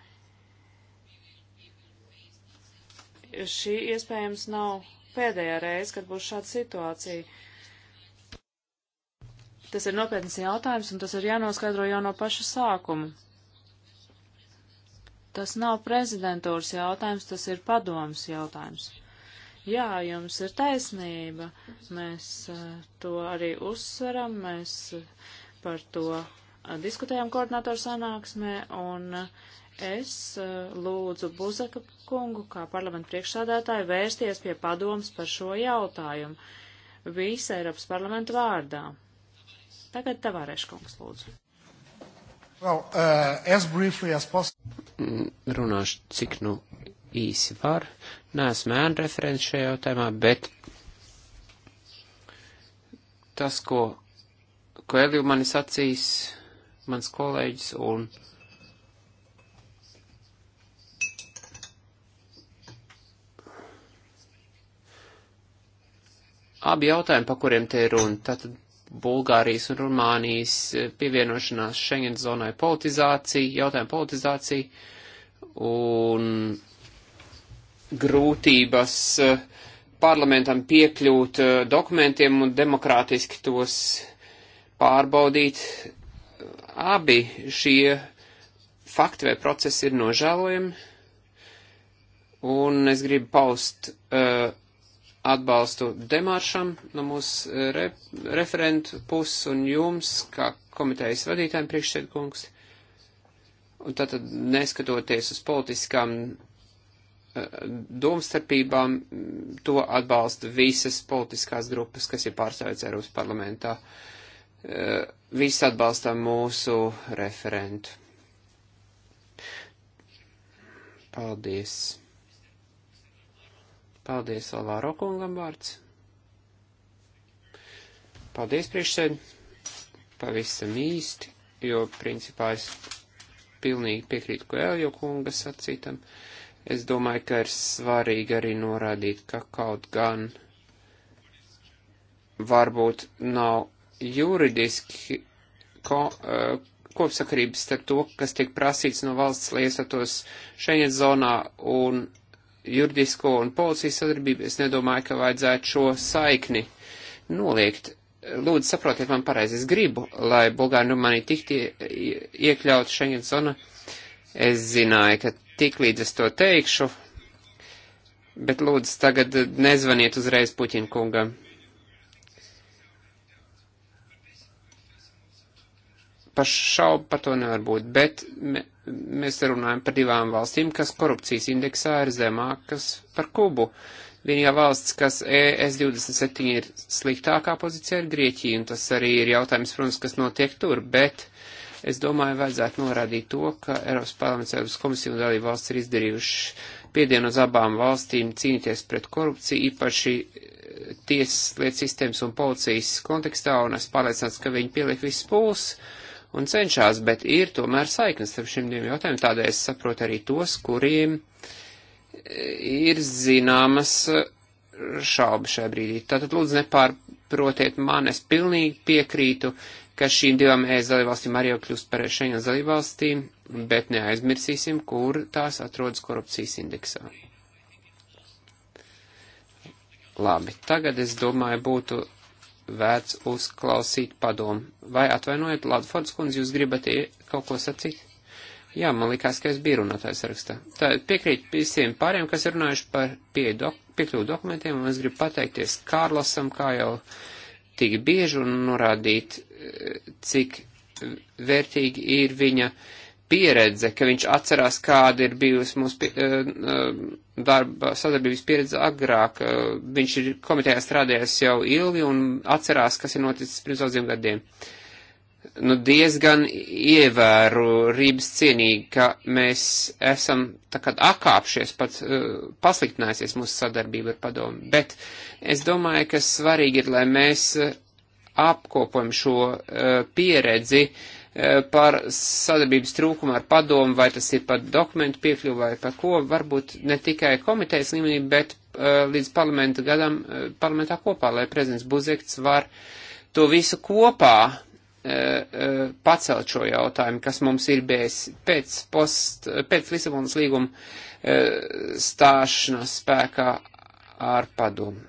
šī iespējams nav pēdējā reize, kad būs šāda situācija. Tas ir nopietnas jautājums, un tas ir jānoskaidro jau no paša sākuma. Tas nav prezidentūras jautājums, tas ir padomas jautājums. Jā, jums ir taisnība. Mēs eh, to arī uzsveram, mēs eh, par to diskutējām koordinātoru sanāksmē, un es eh, lūdzu Buzaka kungu, kā parlamentu priekšsādātāju, vērsties pie padoms par šo jautājumu visa Eiropas parlamentu vārdā. Tagad Tavareš kungs lūdzu. Well, uh, as briefly as possible. Mm, runāšu, cik nu īsi var. Nesmu ēnu referents šajā jautājumā, bet tas, ko Koeliju man ir sacījis, mans kolēģis, un abi jautājumi, pa kuriem te ir runa, tātad Bulgārijas un Rumānijas eh, pievienošanās Schengen zonai politizācija, jautājuma politizācija un grūtības eh, parlamentam piekļūt eh, dokumentiem un demokrātiski tos pārbaudīt, abi šie fakti vai procesi ir nožēlojami, un es gribu paust uh, atbalstu demāršam no mūsu uh, re, referentu puses un jums, kā komitejas vadītājiem priekšsēdkungs. Un tātad neskatoties uz politiskām uh, domstarpībām, to atbalsta visas politiskās grupas, kas ir pārstāvēts Eiropas parlamentā. Uh, Eh, visi atbalstam mūsu referentu. Paldies. Paldies Alvāro kungam vārds. Paldies priekšsēd. Pavisam īsti, jo principā es pilnīgi piekrītu Koēljo kunga sacītam. Es domāju, ka ir svarīgi arī norādīt, ka kaut gan varbūt nav juridiski ko, uh, kopsakarības starp to, kas tiek prasīts no valsts, lai iestatos Schengen zonā un juridisko un policijas sadarbību, es nedomāju, ka vajadzētu šo saikni noliegt. Lūdzu, saprotiet man pareizi, es gribu, lai Bulgāri un nu Rumānija tiktu iekļaut Schengen zonā. Es zināju, ka tik līdz es to teikšu, bet lūdzu tagad nezvaniet uzreiz Puķinkungam. kungam. par šaubu par to nevar būt, bet me, mēs runājam par divām valstīm, kas korupcijas indeksā ir zemākas par Kubu. Vienīgā valsts, kas e ES27 ir sliktākā pozīcijā, ir Grieķija, un tas arī ir jautājums, protams, kas notiek tur, bet es domāju, vajadzētu norādīt to, ka Eiropas parlaments, Eiropas komisija un dalība valsts ir izdarījuši piedienu uz abām valstīm cīnīties pret korupciju, īpaši eh, tiesas, lietas sistēmas un policijas kontekstā, un es pārliecināts, ka viņi pieliek visus pūles un cenšas, bet ir tomēr saiknes ar šiem diviem jautājumiem. Tādēļ es saprotu arī tos, kuriem e, ir zināmas e, šaubas šajā brīdī. Tātad lūdzu nepārprotiet man, es pilnīgi piekrītu, ka šīm divām ES dalībvalstīm arī jau kļūst par šajām dalībvalstīm, bet neaizmirsīsim, kur tās atrodas korupcijas indeksā. Labi, tagad es domāju būtu vērts uzklausīt padomu. Vai atvainojiet, Ladfords kundze, jūs gribat kaut ko sacīt? Jā, man likās, ka es biju runātājs sarakstā. Tā piekrīt visiem pāriem, kas ir runājuši par dok piekļuvu dokumentiem, un es gribu pateikties Kārlasam, kā jau tik bieži, un norādīt, eh, cik vērtīgi ir viņa uh, pieredze, ka viņš atcerās, kāda ir bijusi mūsu pie, eh, eh, darba sadarbības pieredze agrāk. Eh, viņš ir komitejā strādājis jau ilgi un atcerās, kas ir noticis pirms daudziem gadiem. Nu, diezgan ievēru rības cienīgi, ka mēs esam tā kā akāpšies, pat uh, pasliktinājusies mūsu sadarbība ar padomu. Bet es domāju, ka svarīgi ir, lai mēs apkopojam šo uh, pieredzi uh, Eh, par sadarbības trūkumu ar padomu, vai tas ir par dokumentu piekļuvu vai par ko, varbūt ne tikai komitejas līmenī, bet uh, līdz parlamenta gadam uh, parlamentā kopā, lai prezidents Buzekts var to visu kopā uh, pacelt šo jautājumu, kas mums ir bijis pēc, post, pēc Lisabonas līguma stāšanās spēkā ar padomu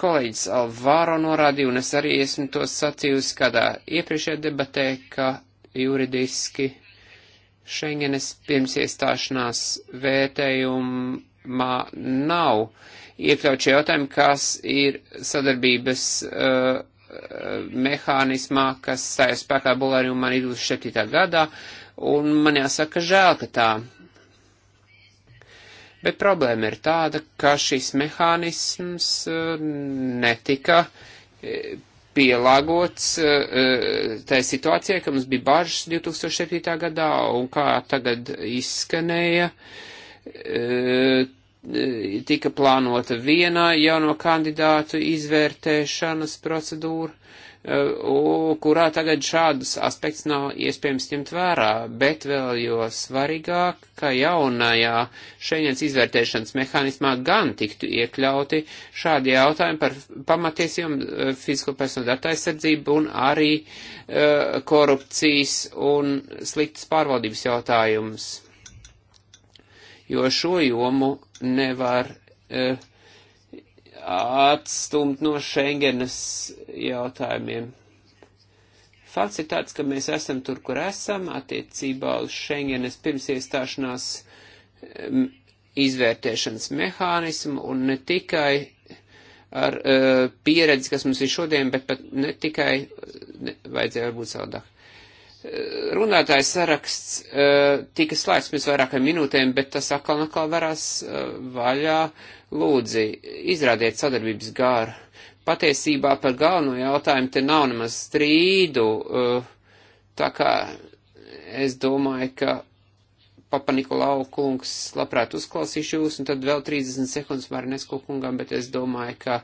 kolēģis Alvāro norādīja, un es arī esmu to sacījusi kādā iepriekšējā debatē, ka juridiski Schengenes pirms iestāšanās vērtējumā nav iekļaut šie jautājumi, kas ir sadarbības uh, uh mehānismā, kas stājas spēkā Bulgārija un man ir 27. gadā, un man jāsaka žēl, ka tā Bet problēma ir tāda, ka šis mehānisms eh, netika eh, pielāgots eh, tai situācijai, ka mums bija bažas 2007. gadā un kā tagad izskanēja tika plānota viena jauno kandidātu izvērtēšanas procedūra, E, kurā tagad šādus aspektus nav iespējams ņemt vērā, bet vēl jo svarīgāk, ka jaunajā šeņens izvērtēšanas mehānismā gan tiktu iekļauti šādi jautājumi par pamatiesību, e, fizisko personu datu aizsardzību un arī uh, korupcijas un sliktas pārvaldības jautājumus, jo šo jomu nevar uh, atstumt no Schengenas jautājumiem. Fakts ir tāds, ka mēs esam tur, kur esam, attiecībā uz Schengenas pirms iestāšanās izvērtēšanas mehānismu un ne tikai ar uh, pieredzi, kas mums ir šodien, bet pat ne tikai, ne, vajadzēja varbūt savādāk runātājs saraksts uh, tika slēgts pirms vairākām minūtēm, bet tas atkal un atkal varās uh, vaļā. Lūdzi, izrādiet sadarbības gāru. Patiesībā par galveno jautājumu te nav nemaz strīdu, uh, tā kā es domāju, ka Papa Nikolau kungs labprāt uzklausīšu jūs, un tad vēl 30 sekundes Marinesko kungam, bet es domāju, ka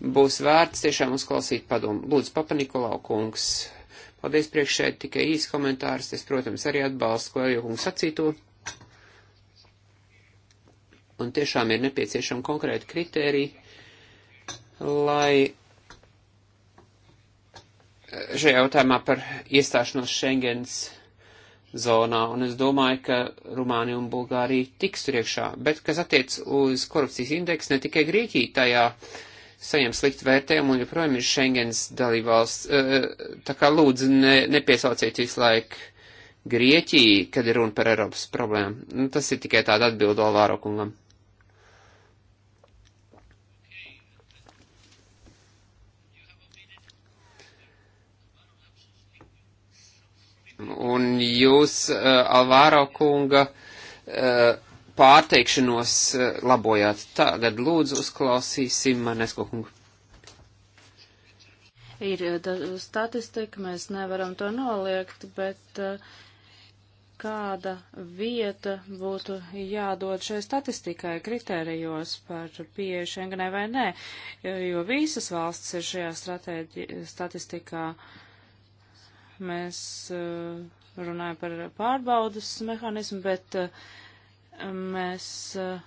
būs vērts tiešām uzklausīt padomu. Lūdzu, Papa Nikolau kungs. Uh, Paldies priekšē, tikai īsts komentārs. Es, protams, arī atbalstu Koelju kungu sacīto. Un tiešām ir nepieciešama konkrēta kritērija, lai šajā jautājumā par iestāšanos Schengens zonā, un es domāju, ka Rumānija un Bulgārija tiks tur iekšā. Bet, kas attiec uz korupcijas indeksu, ne tikai Grieķija tajā uh, saņem sliktu vērtējumu un joprojām ir Schengens dalībvalsts. Eh, eh, tā kā lūdzu ne, nepiesauciet visu laiku Grieķiju, kad ir runa par Eiropas problēmu. Nu, tas ir tikai tāda atbilda Alvāro kungam. Un jūs, uh, Alvāro kunga, uh, pārteikšanos eh, labojāt. Tagad lūdzu uzklausīsim Manesko kungu. Ir eh, statistika, mēs nevaram to noliegt, bet eh, kāda vieta būtu jādod šai statistikai kritērijos par pieeju Schengenai vai nē, jo visas valstis ir šajā statistikā. Mēs runājam par pārbaudas mehānismu, bet uh, mēs eh,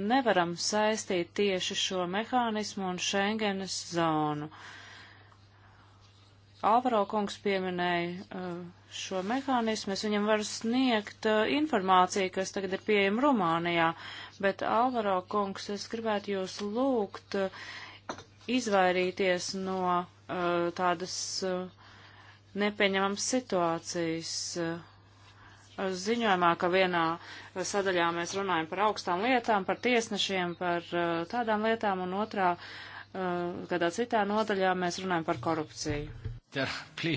nevaram saistīt tieši šo mehānismu un Schengenes zonu. Alvaro kungs pieminēja eh, šo mehānismu, es viņam varu sniegt eh, informāciju, kas tagad ir pieejama Rumānijā, bet Alvaro kungs, es gribētu jūs lūgt izvairīties no tādas nepieņemams situācijas. Uh, ziņojumā, ka vienā sadaļā mēs runājam par augstām lietām, par tiesnešiem, par uh, tādām lietām, un otrā, uh, kādā citā nodaļā mēs runājam par korupciju. Yeah,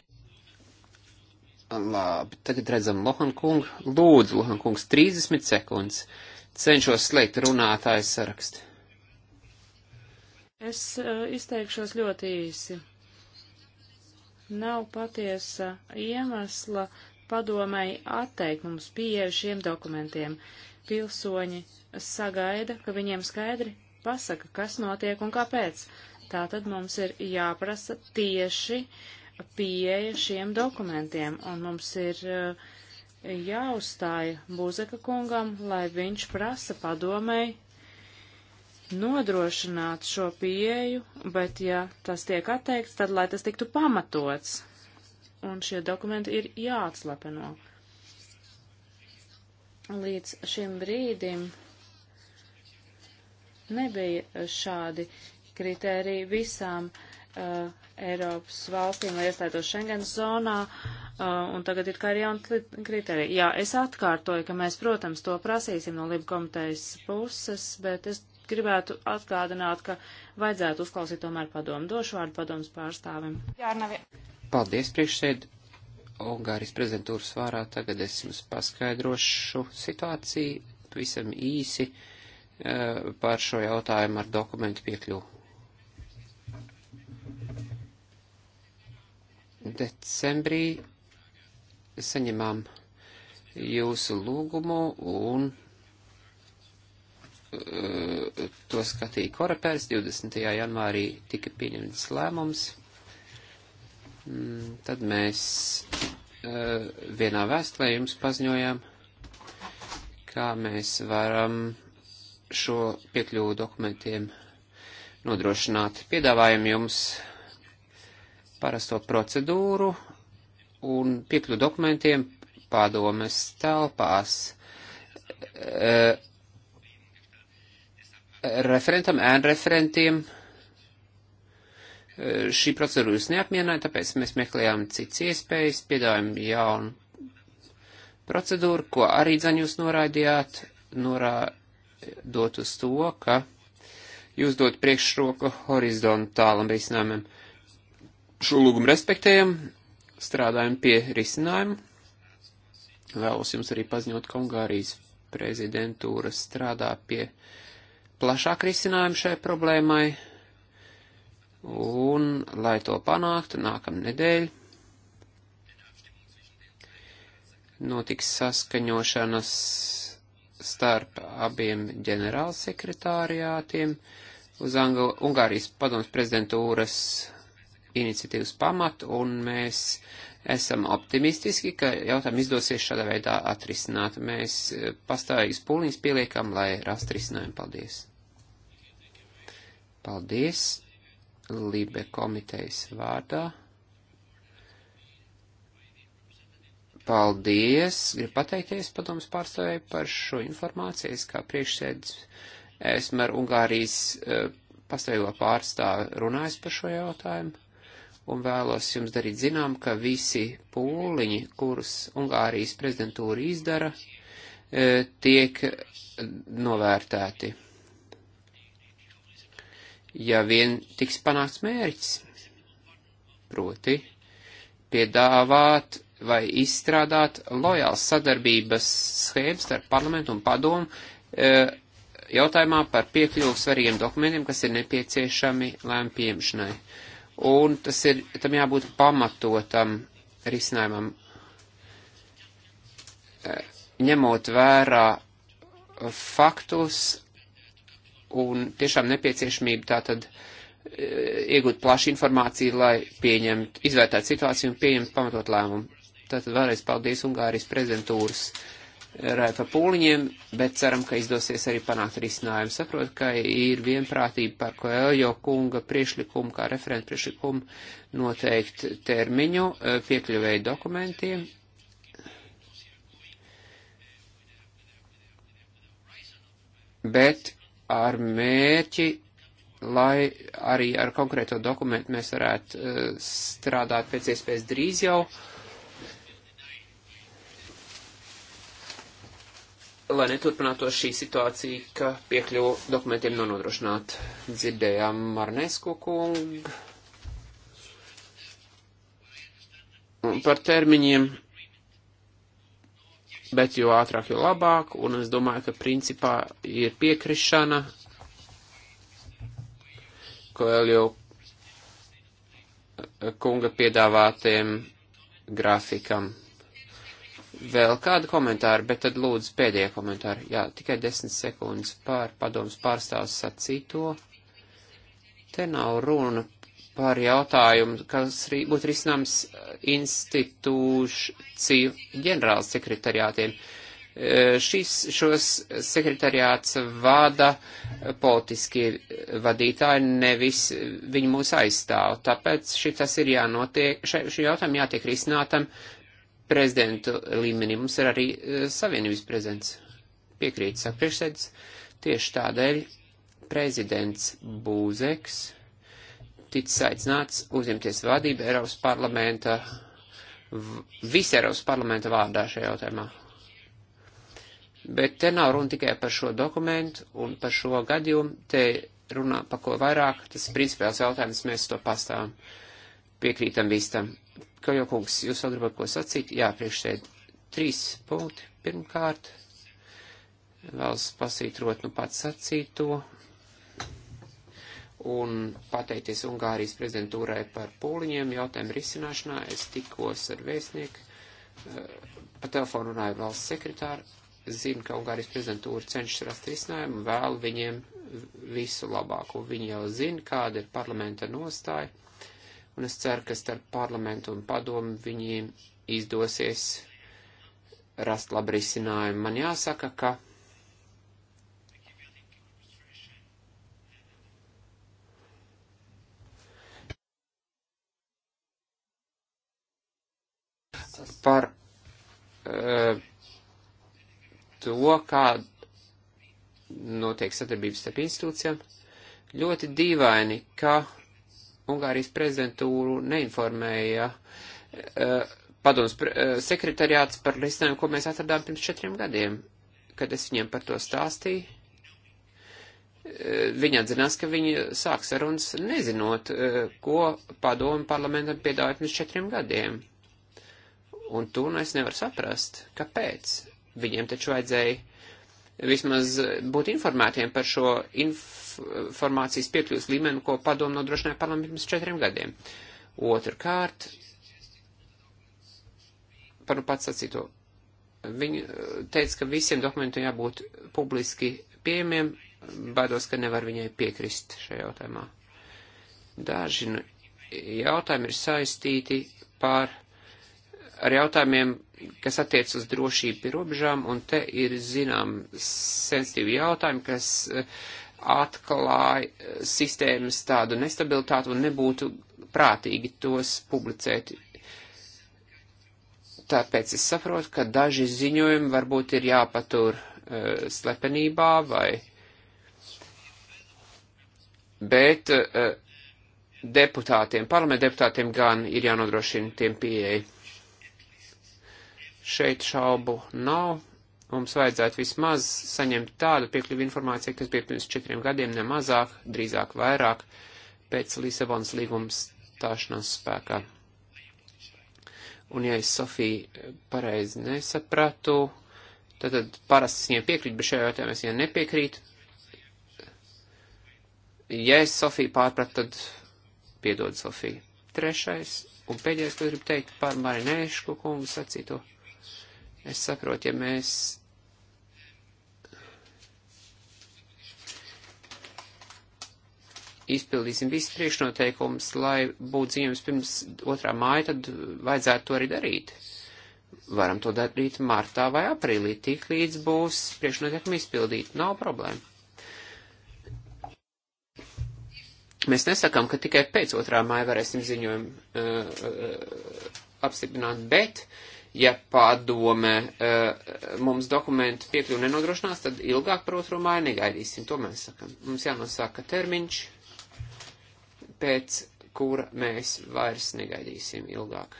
Labi, tagad redzam Lohankungu. Lūdzu, Lohankungs, 30 sekundes. Cenšos slēgt runātāju sarakstu. Es uh, izteikšos ļoti īsi nav patiesa iemesla padomai atteikt mums pieeju šiem dokumentiem. Pilsoņi sagaida, ka viņiem skaidri pasaka, kas notiek un kāpēc. Tātad mums ir jāprasa tieši pieeja šiem dokumentiem, un mums ir uh, eh, jāuzstāja Buzeka kungam, lai viņš prasa padomēji nodrošināt šo pieeju, bet ja tas tiek atteikts, tad lai tas tiktu pamatots un šie dokumenti ir jāatslapeno. Līdz šim brīdim nebija šādi kritēriji visām uh, Eiropas valstīm, lai iestātos Schengen zonā, uh, un tagad ir kā ir jauni kritēriji. Jā, es atkārtoju, ka mēs, protams, to prasīsim no Liba komitejas puses, bet es gribētu atgādināt, ka vajadzētu uzklausīt tomēr padomu. Došu vārdu padomas pārstāvim. Jārnavi. Paldies, priekšsēd. Ungārijas prezidentūras vārā tagad es jums paskaidrošu situāciju visam īsi eh, par šo jautājumu ar dokumentu piekļuvu. Decembrī saņemām jūsu lūgumu un eh, to skatīja korapērs. 20. janvārī tika pieņemts lēmums Mm, tad mēs eh, vienā vēstulē jums paziņojām, kā mēs varam šo piekļuvu dokumentiem nodrošināt. Piedāvājam jums parasto procedūru un piekļuvu dokumentiem padomes telpās. E, referentam, ēnreferentiem. referentiem E, šī procedūra jūs neapmierināja, tāpēc mēs meklējām citas iespējas, piedāvājam jaunu procedūru, ko arī dzaņ jūs noraidījāt, norādot uz to, ka jūs dot priekšroku horizontālam risinājumam. Šo lūgumu respektējam, strādājam pie risinājuma. Vēlos jums arī paziņot, ka Ungārijas prezidentūra strādā pie plašāk risinājumu šai problēmai Un, lai to panāktu, nākam nedēļ notiks saskaņošanas starp abiem ģenerālsekretāriātiem uz Angla Ungārijas padomas prezidentūras iniciatīvas pamatu, un mēs esam optimistiski, ka jautājumu izdosies šādā veidā atrisināt. Mēs eh, pastāvīgas pūliņas pieliekam, lai rastu risinājumu. Paldies! Paldies! Libe komitejas vārdā. Paldies! Gribu pateikties padomus pārstāvēju par šo informāciju. Es kā priekšsēdis esmu ar Ungārijas uh, pastāvīgo pārstāvi runājis par šo jautājumu un vēlos jums darīt zinām, ka visi pūliņi, kurus Ungārijas prezidentūra izdara, e, tiek novērtēti ja vien tiks panāks mērķis. Proti, piedāvāt vai izstrādāt lojāls sadarbības schēmas starp parlamentu un padomu e, jautājumā par piekļuvu svarīgiem dokumentiem, kas ir nepieciešami lēmu pieņemšanai. Un tas ir, tam jābūt pamatotam risinājumam, e, ņemot vērā faktus un tiešām nepieciešamība tātad e, iegūt plašu informāciju, lai pieņemtu, izvērtētu situāciju un pieņemtu pamatot lēmumu. Tātad vēlreiz paldies Ungārijas prezidentūras par pūliņiem, bet ceram, ka izdosies arī panākt risinājumu. Saprotu, ka ir vienprātība par Koeljo kunga priešlikumu, kā referentu priešlikumu noteikt termiņu e, piekļuvēju dokumentiem, bet ar mērķi, lai arī ar konkrēto dokumentu mēs varētu uh, strādāt pēc iespējas drīz jau, lai neturpinātos šī situācija, ka piekļuvu dokumentiem nav nodrošināta. Dzirdējām Marnesku kungu. Un par termiņiem bet jo ātrāk, jo labāk, un es domāju, ka principā ir piekrišana, ko jau eh, kunga piedāvātiem grafikam. Vēl kādi komentāri, bet tad lūdzu pēdējie komentāri. Jā, tikai desmit sekundes pār padomus pārstāvs sacīto. Te nav runa par jautājumu, kas būtu risināms eh, institūciju ģenerāla sekretariātiem. Eh, šis, šos sekretariāts vada politiskie vadītāji, nevis viņi mūs aizstāv. Tāpēc šitas ir jānotiek, šī jautājuma jātiek risinātam prezidentu līmenī. Mums ir arī eh, savienības prezidents. Piekrīt, saka priekšsēdis. Tieši tādēļ prezidents Būzeks ticis aicināts uzņemties vadību Eiropas parlamenta, visa Eiropas parlamenta vārdā šajā jautājumā. Bet te nav runa tikai par šo dokumentu un par šo gadījumu, te runā par ko vairāk, tas ir principiāls jautājums, mēs to pastāvam, piekrītam visam. Kajo kungs, jūs vēl gribat ko sacīt? Jā, priekšsēd, trīs punkti. Pirmkārt, vēlas pasītrot nu pats sacīto. to un pateikties Ungārijas prezidentūrai par pūliņiem jautājumu risināšanā. Es tikos ar vēstnieku, eh, pa telefonu runāju valsts sekretāru, zinu, ka Ungārijas prezidentūra cenšas rast risinājumu, vēlu viņiem visu labāko. Viņi jau zina, kāda ir parlamenta nostāja, un es ceru, ka starp parlamentu un padomu viņiem izdosies rast labu risinājumu. Man jāsaka, ka par uh, to, kā notiek sadarbības starp institūcijām. Ļoti dīvaini, ka Ungārijas prezidentūru neinformēja uh, padoms uh, sekretariāts par risinājumu, ko mēs atradām pirms četriem gadiem, kad es viņiem par to stāstīju. Viņa atzinās, ka viņi sāk sarunas nezinot, ko padomu parlamentam piedāvāja pirms četriem gadiem. Un tu nu es nevaru saprast, kāpēc. Viņiem taču vajadzēja vismaz būt informētiem par šo informācijas piekļuvas līmeni, ko padomu nodrošināja parlamentam pirms četriem gadiem. Otrkārt, par nu pats sacīto. Viņi eh, teica, ka visiem dokumentiem jābūt publiski pieejamiem, baidos, ka nevar viņai piekrist šajā jautājumā. Daži nu, jautājumi ir saistīti par ar jautājumiem, kas attiec uz drošību pie robežām, un te ir zinām sensitīvi jautājumi, kas eh, atklāja eh, sistēmas tādu nestabilitātu un nebūtu prātīgi tos publicēt. Tāpēc es saprotu, ka daži ziņojumi varbūt ir jāpatur uh, slepenībā vai. Bet uh, deputātiem, parlamenta deputātiem gan ir jānodrošina tiem pieeja. Šeit šaubu nav. Mums vajadzētu vismaz saņemt tādu piekļuvu informāciju, kas bija pirms četriem gadiem, ne mazāk, drīzāk vairāk, pēc Lisabonas līguma stāšanās spēkā. Un ja es Sofiju pareizi nesapratu, tad, tad parasti es viņai piekrītu, bet šajā jautājumā es viņai nepiekrītu. Ja es Sofiju pārpratu, tad piedod Sofiju. Trešais un pēdējais, ko gribu teikt par Marinēšu kungu sacīto. Es saprotu, ja mēs izpildīsim visus priekšnoteikumus, lai būtu ziņojums pirms otrā māja, tad vajadzētu to arī darīt. Varam to darīt martā vai aprīlī, tik līdz būs priekšnoteikumi izpildīti, nav problēma. Mēs nesakām, ka tikai pēc otrā māja varēsim ziņojumu uh, uh, apstiprināt, bet uh, ja padome eh, mums dokumentu piekļuvu nenodrošinās, tad ilgāk par otro māju negaidīsim. To mēs sakam. Mums jānosaka termiņš, pēc kura mēs vairs negaidīsim ilgāk.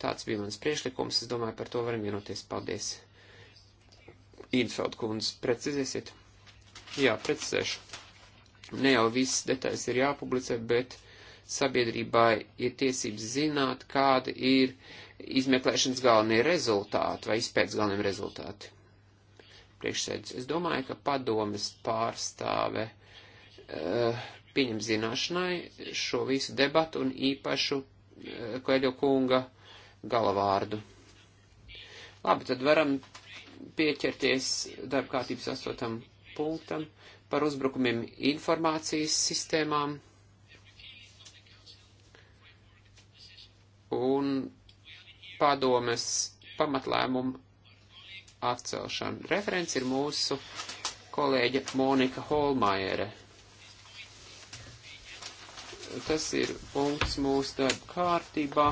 Tāds bija mans priešlikums. Es domāju, par to varam vienoties. Paldies. Īdfeld kundze, precizēsiet? Jā, precizēšu. Ne jau viss detaļas ir jāpublicē, bet sabiedrībai ir tiesības zināt, kāda ir izmeklēšanas galvenie rezultāti vai izpētes galvenie rezultāti. Priekšsēdus. Es domāju, ka padomas pārstāve uh, pieņem zināšanai šo visu debatu un īpašu uh, Koeļo kunga galavārdu. Labi, tad varam pieķerties darbkārtības astotam punktam par uzbrukumiem informācijas sistēmām. un padomes pamatlēmumu atcelšanu. Referents ir mūsu kolēģa Monika Holmaiere. Tas ir punkts mūsu darba kārtībā,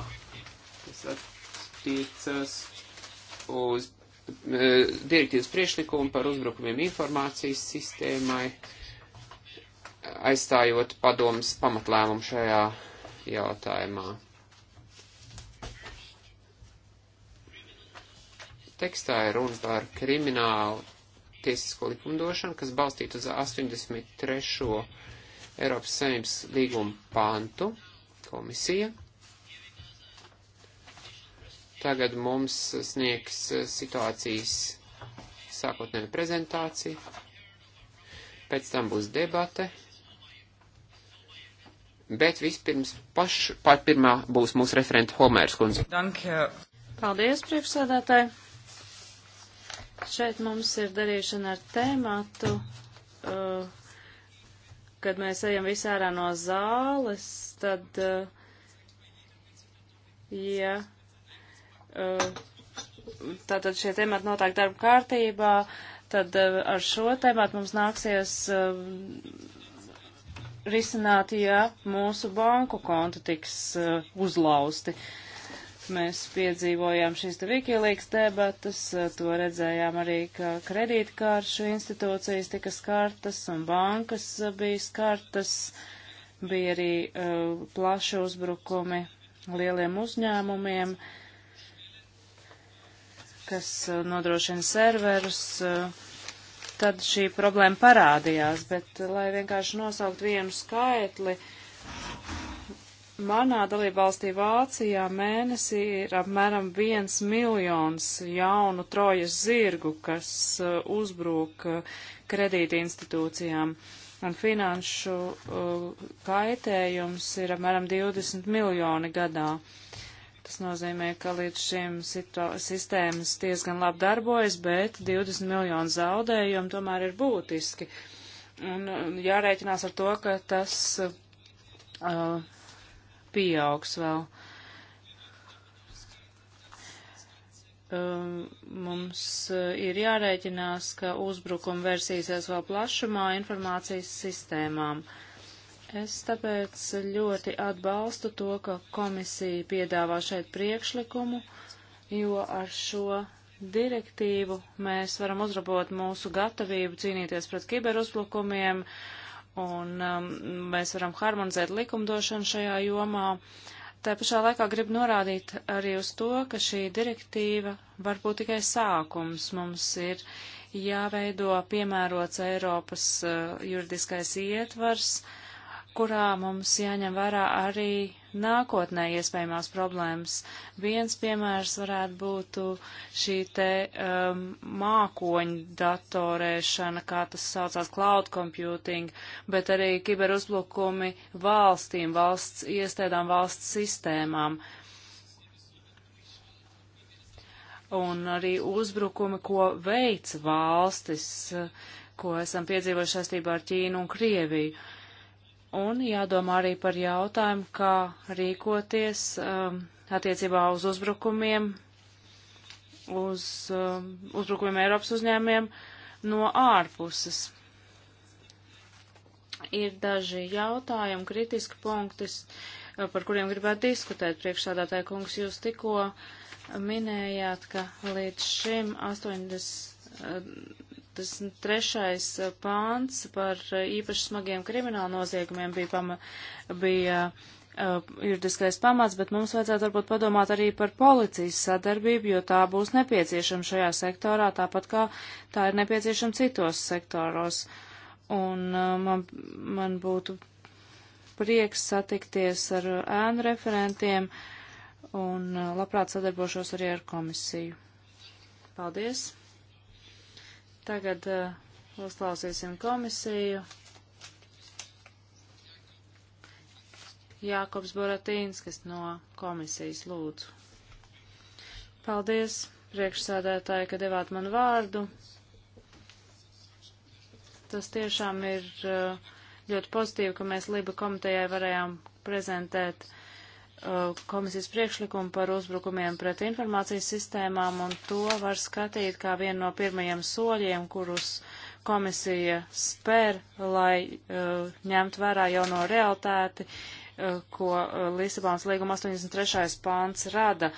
kas attiecas uz e, direktīvas priešlikumu par uzbrukumiem informācijas sistēmai, aizstājot padomas pamatlēmumu šajā jautājumā. Tekstā ir runa par kriminālu tiesisko likumdošanu, kas balstīta uz 83. Eiropas saimnes līgumu pantu komisija. Tagad mums sniegs situācijas sākotnēju prezentāciju, pēc tam būs debate, bet vispirms paš, pārpirmā būs mūsu referenta Homērs kundze. Danke. Paldies, priekšsēdētāji. Šeit mums ir darīšana ar tēmatu, uh, kad mēs ejam visārā no zāles, tad, uh, ja, uh, tātad šie temati notiek darba kārtībā, tad uh, ar šo tematu mums nāksies uh, risināt, ja mūsu banku konti tiks uh, uzlausti. Uh, Mēs piedzīvojām šīs te Wikileaks debatas, to redzējām arī, ka kredītkāršu institūcijas tika skartas un bankas bija skartas, bija arī uh, plaši uzbrukumi lieliem uzņēmumiem, kas uh, nodrošina serverus. Uh, tad šī problēma parādījās, bet, lai vienkārši nosaukt vienu skaitli, uh, Manā dalībvalstī Vācijā mēnesī ir apmēram viens miljons jaunu trojas zirgu, kas uh, uzbrūk uh, kredīti institūcijām, un finanšu uh, kaitējums ir apmēram 20 miljoni gadā. Tas nozīmē, ka līdz šim sistēmas diezgan labi darbojas, bet 20 miljonu zaudējumu tomēr ir būtiski. Un jārēķinās ar to, ka tas uh, pieaugs vēl. Um, mums uh, ir jārēķinās, ka uzbrukumi versīsies vēl plašumā informācijas sistēmām. Es tāpēc ļoti atbalstu to, ka komisija piedāvā šeit priekšlikumu, jo ar šo direktīvu mēs varam uzrabot mūsu gatavību cīnīties pret kiberuzbrukumiem, uh, un um, mēs varam harmonizēt likumdošanu šajā jomā. Tā pašā laikā grib norādīt arī uz to, ka šī direktīva var būt tikai sākums. Mums ir jāveido piemērots Eiropas uh, juridiskais ietvars, kurā mums jāņem vērā arī nākotnē iespējamās problēmas. Viens piemērs varētu būt šī te um, mākoņu datorēšana, kā tas saucās cloud computing, bet arī kiberuzbrukumi valstīm, valsts iestēdām, valsts sistēmām. Un arī uzbrukumi, ko veic valstis, ko esam piedzīvojuši saistībā ar Ķīnu un Krieviju. Uh, Un jādomā arī par jautājumu, kā rīkoties um, attiecībā uz uzbrukumiem, uz um, uzbrukumiem Eiropas uzņēmiem no ārpuses. Ir daži jautājumi, kritiski punktis, uh, par kuriem gribētu diskutēt. Priekšsādātāja kungs, jūs tikko minējāt, ka līdz šim 80 43. Eh, pāns par eh, īpaši smagiem kriminālu noziegumiem bija, pama, bija uh, juridiskais pamats, bet mums vajadzētu varbūt padomāt arī par policijas sadarbību, jo tā būs nepieciešama šajā sektorā, tāpat kā tā ir nepieciešama citos sektoros. Un uh, man, man būtu prieks satikties ar ēnu referentiem un uh, labprāt sadarbošos arī ar komisiju. Paldies! Tagad uh, uzklausīsim komisiju. Jākops Boratīnskis no komisijas lūdzu. Paldies, priekšsādētāji, ka devāt man vārdu. Tas tiešām ir eh, ļoti pozitīvi, ka mēs Liba komitejai varējām prezentēt uh, Uh, komisijas priekšlikumu par uzbrukumiem pret informācijas sistēmām, un to var skatīt kā vienu no pirmajiem soļiem, kurus komisija spēr, lai uh, ņemt vērā jauno realitāti, uh, ko uh, Lisabonas līguma 83. pāns rada.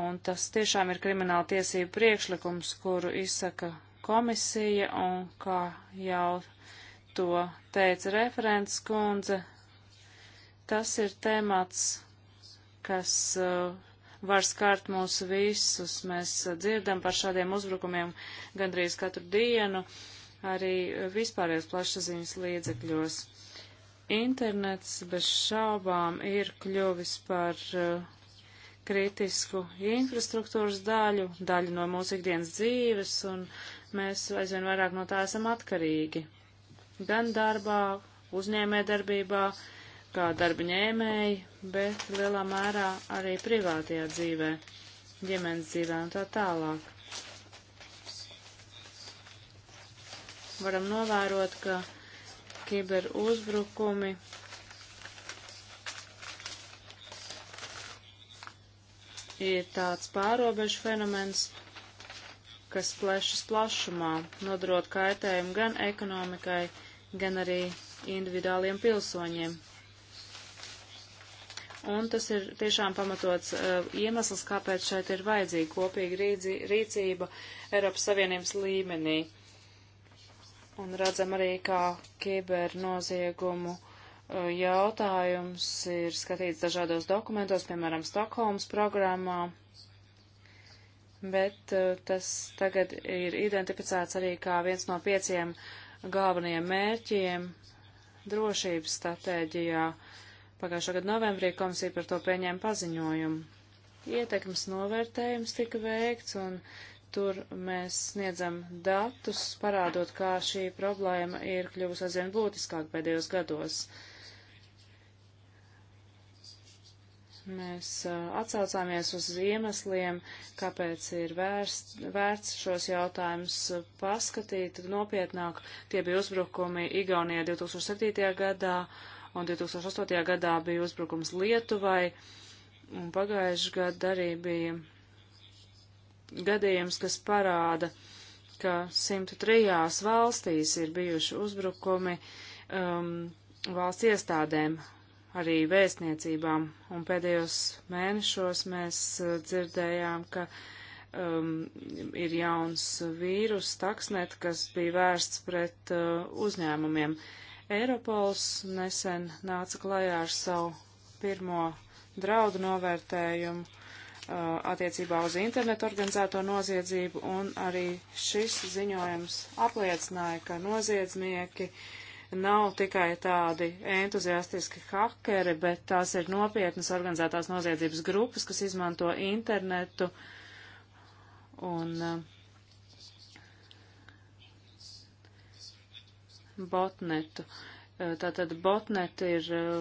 Un tas tiešām ir krimināla tiesība priekšlikums, kuru izsaka komisija, un kā jau to teica referents kundze, tas ir temats, kas uh, var skart mūs visus. Mēs uh, dzirdam par šādiem uzbrukumiem gandrīz katru dienu, arī vispārējos plašsaziņas līdzekļos. Internets bez šaubām ir kļuvis par uh, kritisku infrastruktūras daļu, daļu no mūsu ikdienas dzīves, un mēs aizvien vairāk no tā esam atkarīgi. Gan darbā, uzņēmē darbībā, uh, kā darba ņēmēji, bet lielā mērā arī privātajā dzīvē, ģimenes dzīvē un tā tālāk. Varam novērot, ka kiberuzbrukumi ir tāds pārobežu fenomens, kas plešas plašumā, nodrot kaitējumu gan ekonomikai, gan arī individuāliem pilsoņiem un tas ir tiešām pamatots uh, iemesls, kāpēc šeit ir vajadzīga kopīga rīdzi, rīcība Eiropas Savienības līmenī. Un redzam arī, kā kibernoziegumu uh, jautājums ir skatīts dažādos dokumentos, piemēram, Stokholmas programmā, bet uh, tas tagad ir identificēts arī kā viens no pieciem galvenajiem mērķiem drošības stratēģijā. Uh, Pagājušā gada novembrī komisija par to pieņēma paziņojumu. Ietekmes novērtējums tika veikts, un tur mēs sniedzam datus, parādot, kā šī problēma ir kļuvusi aizvien būtiskāk pēdējos gados. Mēs atsaucāmies uz iemesliem, kāpēc ir vērst, vērts šos jautājumus paskatīt nopietnāk. Tie bija uzbrukumi Igaunijā 2007. gadā un 2008. gadā bija uzbrukums Lietuvai, un pagājuši gadu arī bija gadījums, kas parāda, ka 103 valstīs ir bijuši uzbrukumi um, valsts iestādēm, arī vēstniecībām, un pēdējos mēnešos mēs uh, dzirdējām, ka um, ir jauns vīrus taksnet, kas bija vērsts pret uh, uzņēmumiem. Uh, Eiropols nesen nāca klajā ar savu pirmo draudu novērtējumu uh, attiecībā uz internetu organizēto noziedzību, un arī šis ziņojums apliecināja, ka noziedznieki nav tikai tādi entuziastiski hakeri, bet tās ir nopietnas organizētās noziedzības grupas, kas izmanto internetu un uh, botnetu. Eh, tātad botnet ir eh,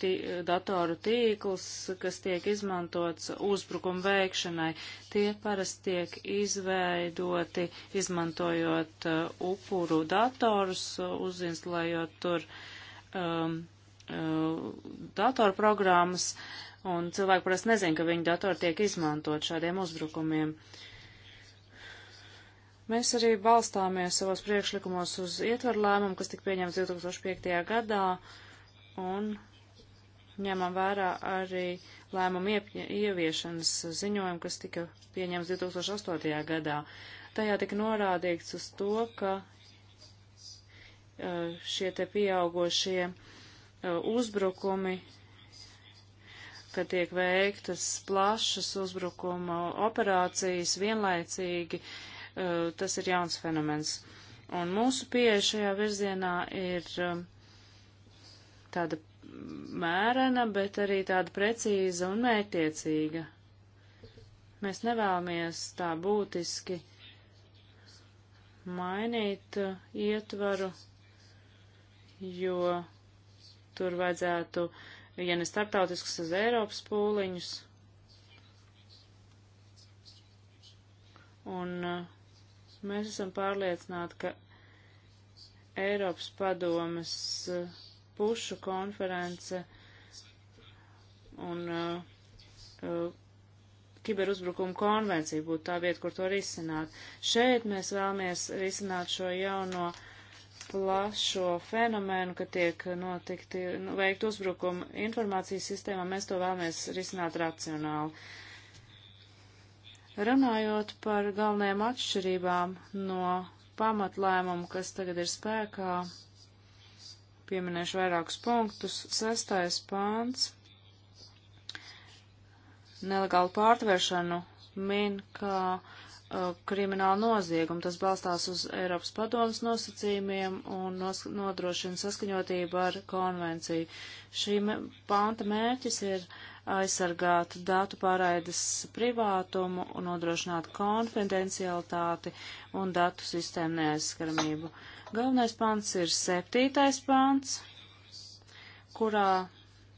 tī, datoru tīkls, kas tiek izmantots uzbrukumu veikšanai. Tie parasti tiek izveidoti, izmantojot uh, upuru datorus, uzinstalējot tur um, uh, datoru programmas, un cilvēki parasti nezin, ka viņu datori tiek izmantot šādiem uzbrukumiem. Uh, Mēs arī balstāmies savos priekšlikumos uz ietvaru lēmumu, kas tika pieņemts 2005. gadā, un ņemam vērā arī lēmumu ieviešanas ziņojumu, kas tika pieņemts 2008. gadā. Tajā tika norādīts uz to, ka uh, šie te pieaugošie uh, uzbrukumi, ka tiek veiktas plašas uzbrukuma operācijas vienlaicīgi, uh, Uh, tas ir jauns fenomens. Un mūsu pieeja šajā virzienā ir um, tāda mērena, bet arī tāda precīza un mērtiecīga. Mēs nevēlamies tā būtiski mainīt uh, ietvaru, jo tur vajadzētu, ja ne starptautiskus, uz Eiropas pūliņus. Un uh, Mēs esam pārliecināti, ka Eiropas padomas eh, pušu konference un uh, eh, eh, kiberuzbrukumu konvenciju būtu tā vieta, kur to risināt. Šeit mēs vēlamies risināt šo jauno plašo fenomenu, ka tiek notikti, nu, veikt uzbrukumu informācijas sistēmā, mēs to vēlamies risināt racionāli. Runājot par galvenajām atšķirībām no pamatlēmumu, kas tagad ir spēkā, pieminēšu vairākus punktus. Sestais pāns nelegālu pārtvēršanu min kā uh, kriminālu noziegumu. Tas balstās uz Eiropas padomas nosacījumiem un nos nodrošina saskaņotību ar konvenciju. Šī panta mērķis ir uh, aizsargātu datu pārraides privātumu un nodrošinātu konfidencialitāti un datu sistēmu neaizskaramību. Galvenais pants ir septītais pants, kurā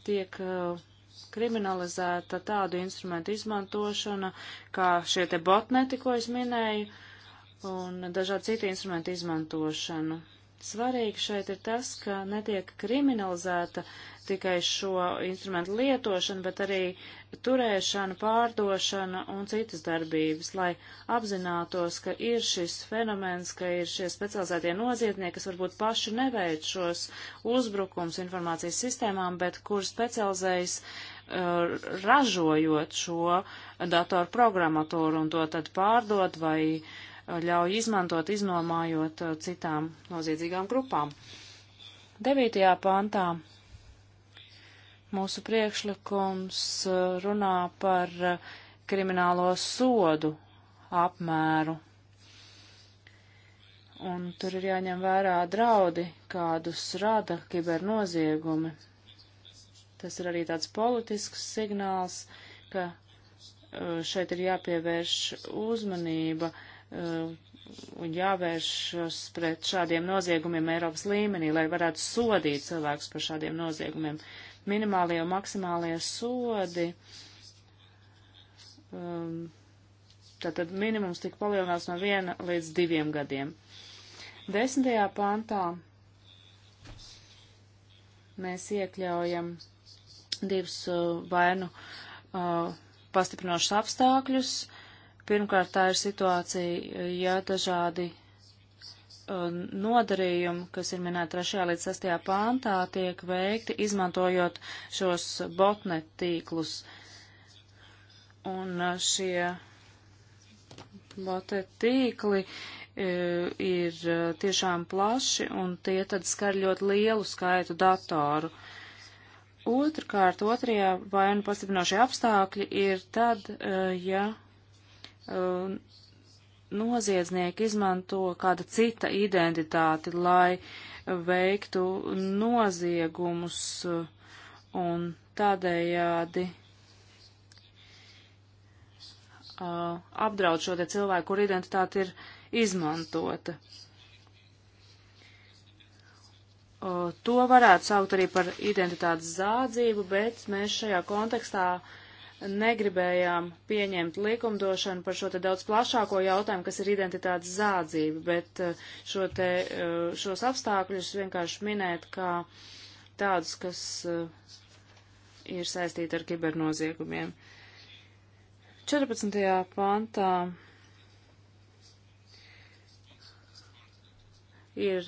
tiek uh, kriminalizēta tādu instrumentu izmantošana, kā šie te botneti, ko es minēju, un dažādi citi instrumenti izmantošanu. Svarīgi šeit ir tas, ka netiek kriminalizēta tikai šo instrumentu lietošanu, bet arī turēšanu, pārdošanu un citas darbības, lai apzinātos, ka ir šis fenomens, ka ir šie specializētie noziedznieki, kas varbūt paši neveic šos uzbrukums informācijas sistēmām, bet kur specializējas uh, ražojot šo datoru programmatūru un to tad pārdot vai uh, ļauj izmantot, iznomājot uh, citām noziedzīgām grupām. 9. pantā Mūsu priekšlikums eh, runā par eh, kriminālo sodu apmēru. Un tur ir jāņem vērā draudi, kādus rada kibernoziegumi. Tas ir arī tāds politisks signāls, ka eh, šeit ir jāpievērš uzmanība un jāvēršas pret šādiem noziegumiem Eiropas līmenī, lai varētu sodīt cilvēkus par šādiem noziegumiem minimālie un maksimālie sodi. Um, tātad minimums tika palielināts no viena līdz diviem gadiem. Desmitajā pantā mēs iekļaujam divus uh, vainu uh, pastiprinošus apstākļus. Pirmkārt, tā ir situācija, ja dažādi Uh, nodarījumi, kas ir minēti 3. līdz 6. pāntā, tiek veikti izmantojot šos botnet tīklus. Un uh, šie botnet tīkli uh, ir tiešām plaši un tie tad skar ļoti lielu skaitu datoru. Otrkārt, otrajā vai nu pastiprinošie apstākļi ir tad, ja noziedznieki izmanto kāda cita identitāti, lai veiktu noziegumus un tādējādi apdraud šo te cilvēku, kur identitāte ir izmantota. To varētu saukt arī par identitātes zādzību, bet mēs šajā kontekstā uh, negribējām pieņemt likumdošanu par šo te daudz plašāko jautājumu, kas ir identitātes zādzība, bet eh, šo te, eh, šos apstākļus vienkārši minēt kā tādus, kas eh, ir saistīti ar kibernoziegumiem. 14. pantā ir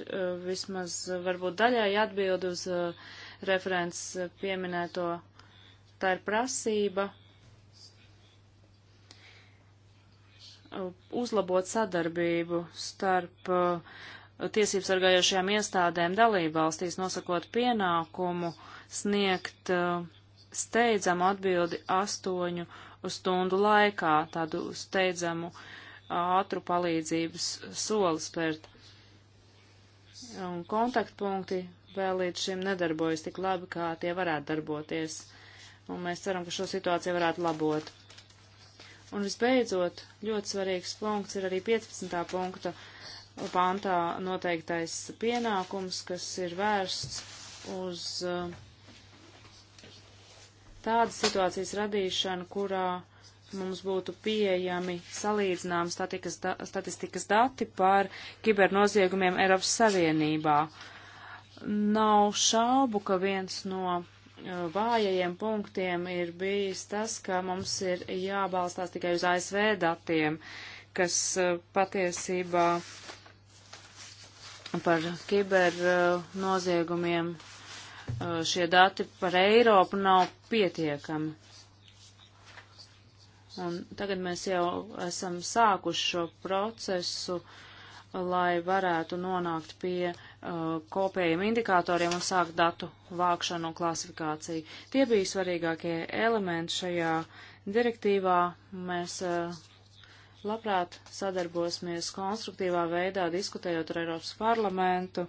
vismaz varbūt daļai atbild uz referents pieminēto. Tā ir prasība uzlabot sadarbību starp uh, tiesību sargājošajām iestādēm dalībvalstīs, nosakot pienākumu sniegt uh, steidzamu atbildi astoņu stundu laikā, tādu steidzamu ātru palīdzības soli spērt. Un kontaktpunkti vēl līdz šim nedarbojas tik labi, kā tie varētu darboties. Un mēs ceram, ka šo situāciju varētu labot. Un visbeidzot, ļoti svarīgs punkts ir arī 15. punkta pāntā noteiktais pienākums, kas ir vērsts uz uh, tādas situācijas radīšanu, kurā mums būtu pieejami salīdzinām statikas, da statistikas dati par kibernoziegumiem Eiropas Savienībā. Nav šaubu, ka viens no vājajiem punktiem ir bijis tas, ka mums ir jābalstās tikai uz ASV datiem, kas e, patiesībā par kiber e, noziegumiem e, šie dati par Eiropu nav pietiekami. Un tagad mēs jau esam sākuši šo procesu uh, lai varētu nonākt pie uh, kopējiem indikatoriem un sākt datu vākšanu un klasifikāciju. Tie bija svarīgākie elementi šajā direktīvā. Mēs uh, labprāt sadarbosimies konstruktīvā veidā, diskutējot ar Eiropas parlamentu.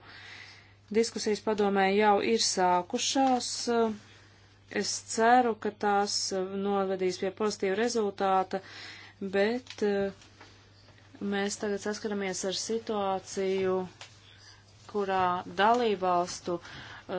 Diskusijas padomē jau ir sākušās. Uh, es ceru, ka tās uh, novedīs pie pozitīva rezultāta, bet uh, Mēs tagad saskaramies ar situāciju, kurā dalībvalstu uh,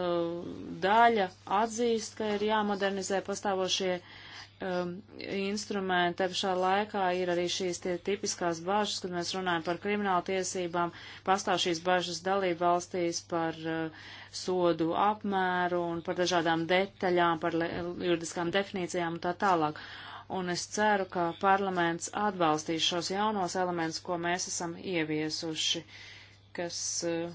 daļa atzīst, ka ir jāmodernizē pastāvošie um, instrumenti. Te pašā laikā ir arī šīs tie tipiskās bažas, kad mēs runājam par kriminālu tiesībām, pastāv šīs bažas dalību valstīs par uh, sodu apmēru un par dažādām detaļām, par juridiskām definīcijām un tā tālāk un es ceru, ka parlaments atbalstīs šos jaunos elementus, ko mēs esam ieviesuši, kas eh,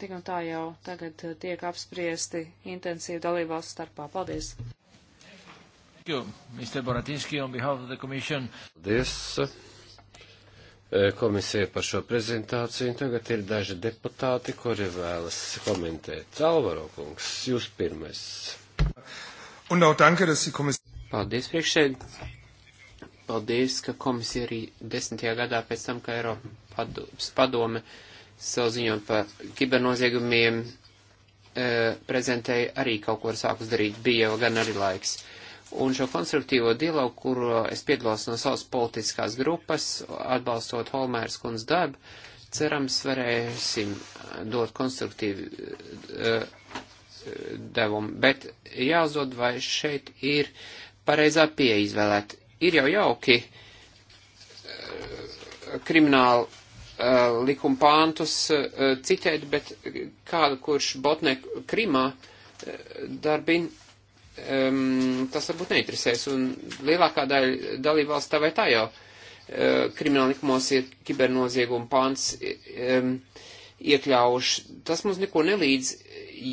tik un tā jau tagad eh, tiek apspriesti intensīvi dalībvalstu starpā. Paldies! Paldies eh, komisija par šo prezentāciju. Tagad ir daži deputāti, kuri vēlas komentēt. Alvaro kungs, jūs pirmais. Un nav tanka, tas ir komisija. Paldies priekšēd. Paldies, ka komisija arī desmitajā gadā pēc tam, ka Eiropas padome savu ziņojumu par kibernoziegumiem e, prezentēja, arī kaut ko ir sākus darīt. Bija jau gan arī laiks. Un šo konstruktīvo dialogu, kur es piedalos no savas politiskās grupas, atbalstot Holmēras kundas darbu, cerams, varēsim dot konstruktīvu uh, e, e, devumu. Bet jāuzdod, vai šeit ir pareizā pieeja izvēlēt. Ir jau jauki eh, kriminālu uh, likuma pāntus uh, citēt, bet kādu, kurš botnē Krimā uh, darbin, um, tas varbūt neinteresēs. Un lielākā daļa dalībvalsts tā vai tā jau krimināla likumos ir kibernozieguma pāns um, ehm, iekļauši. Tas mums neko nelīdz,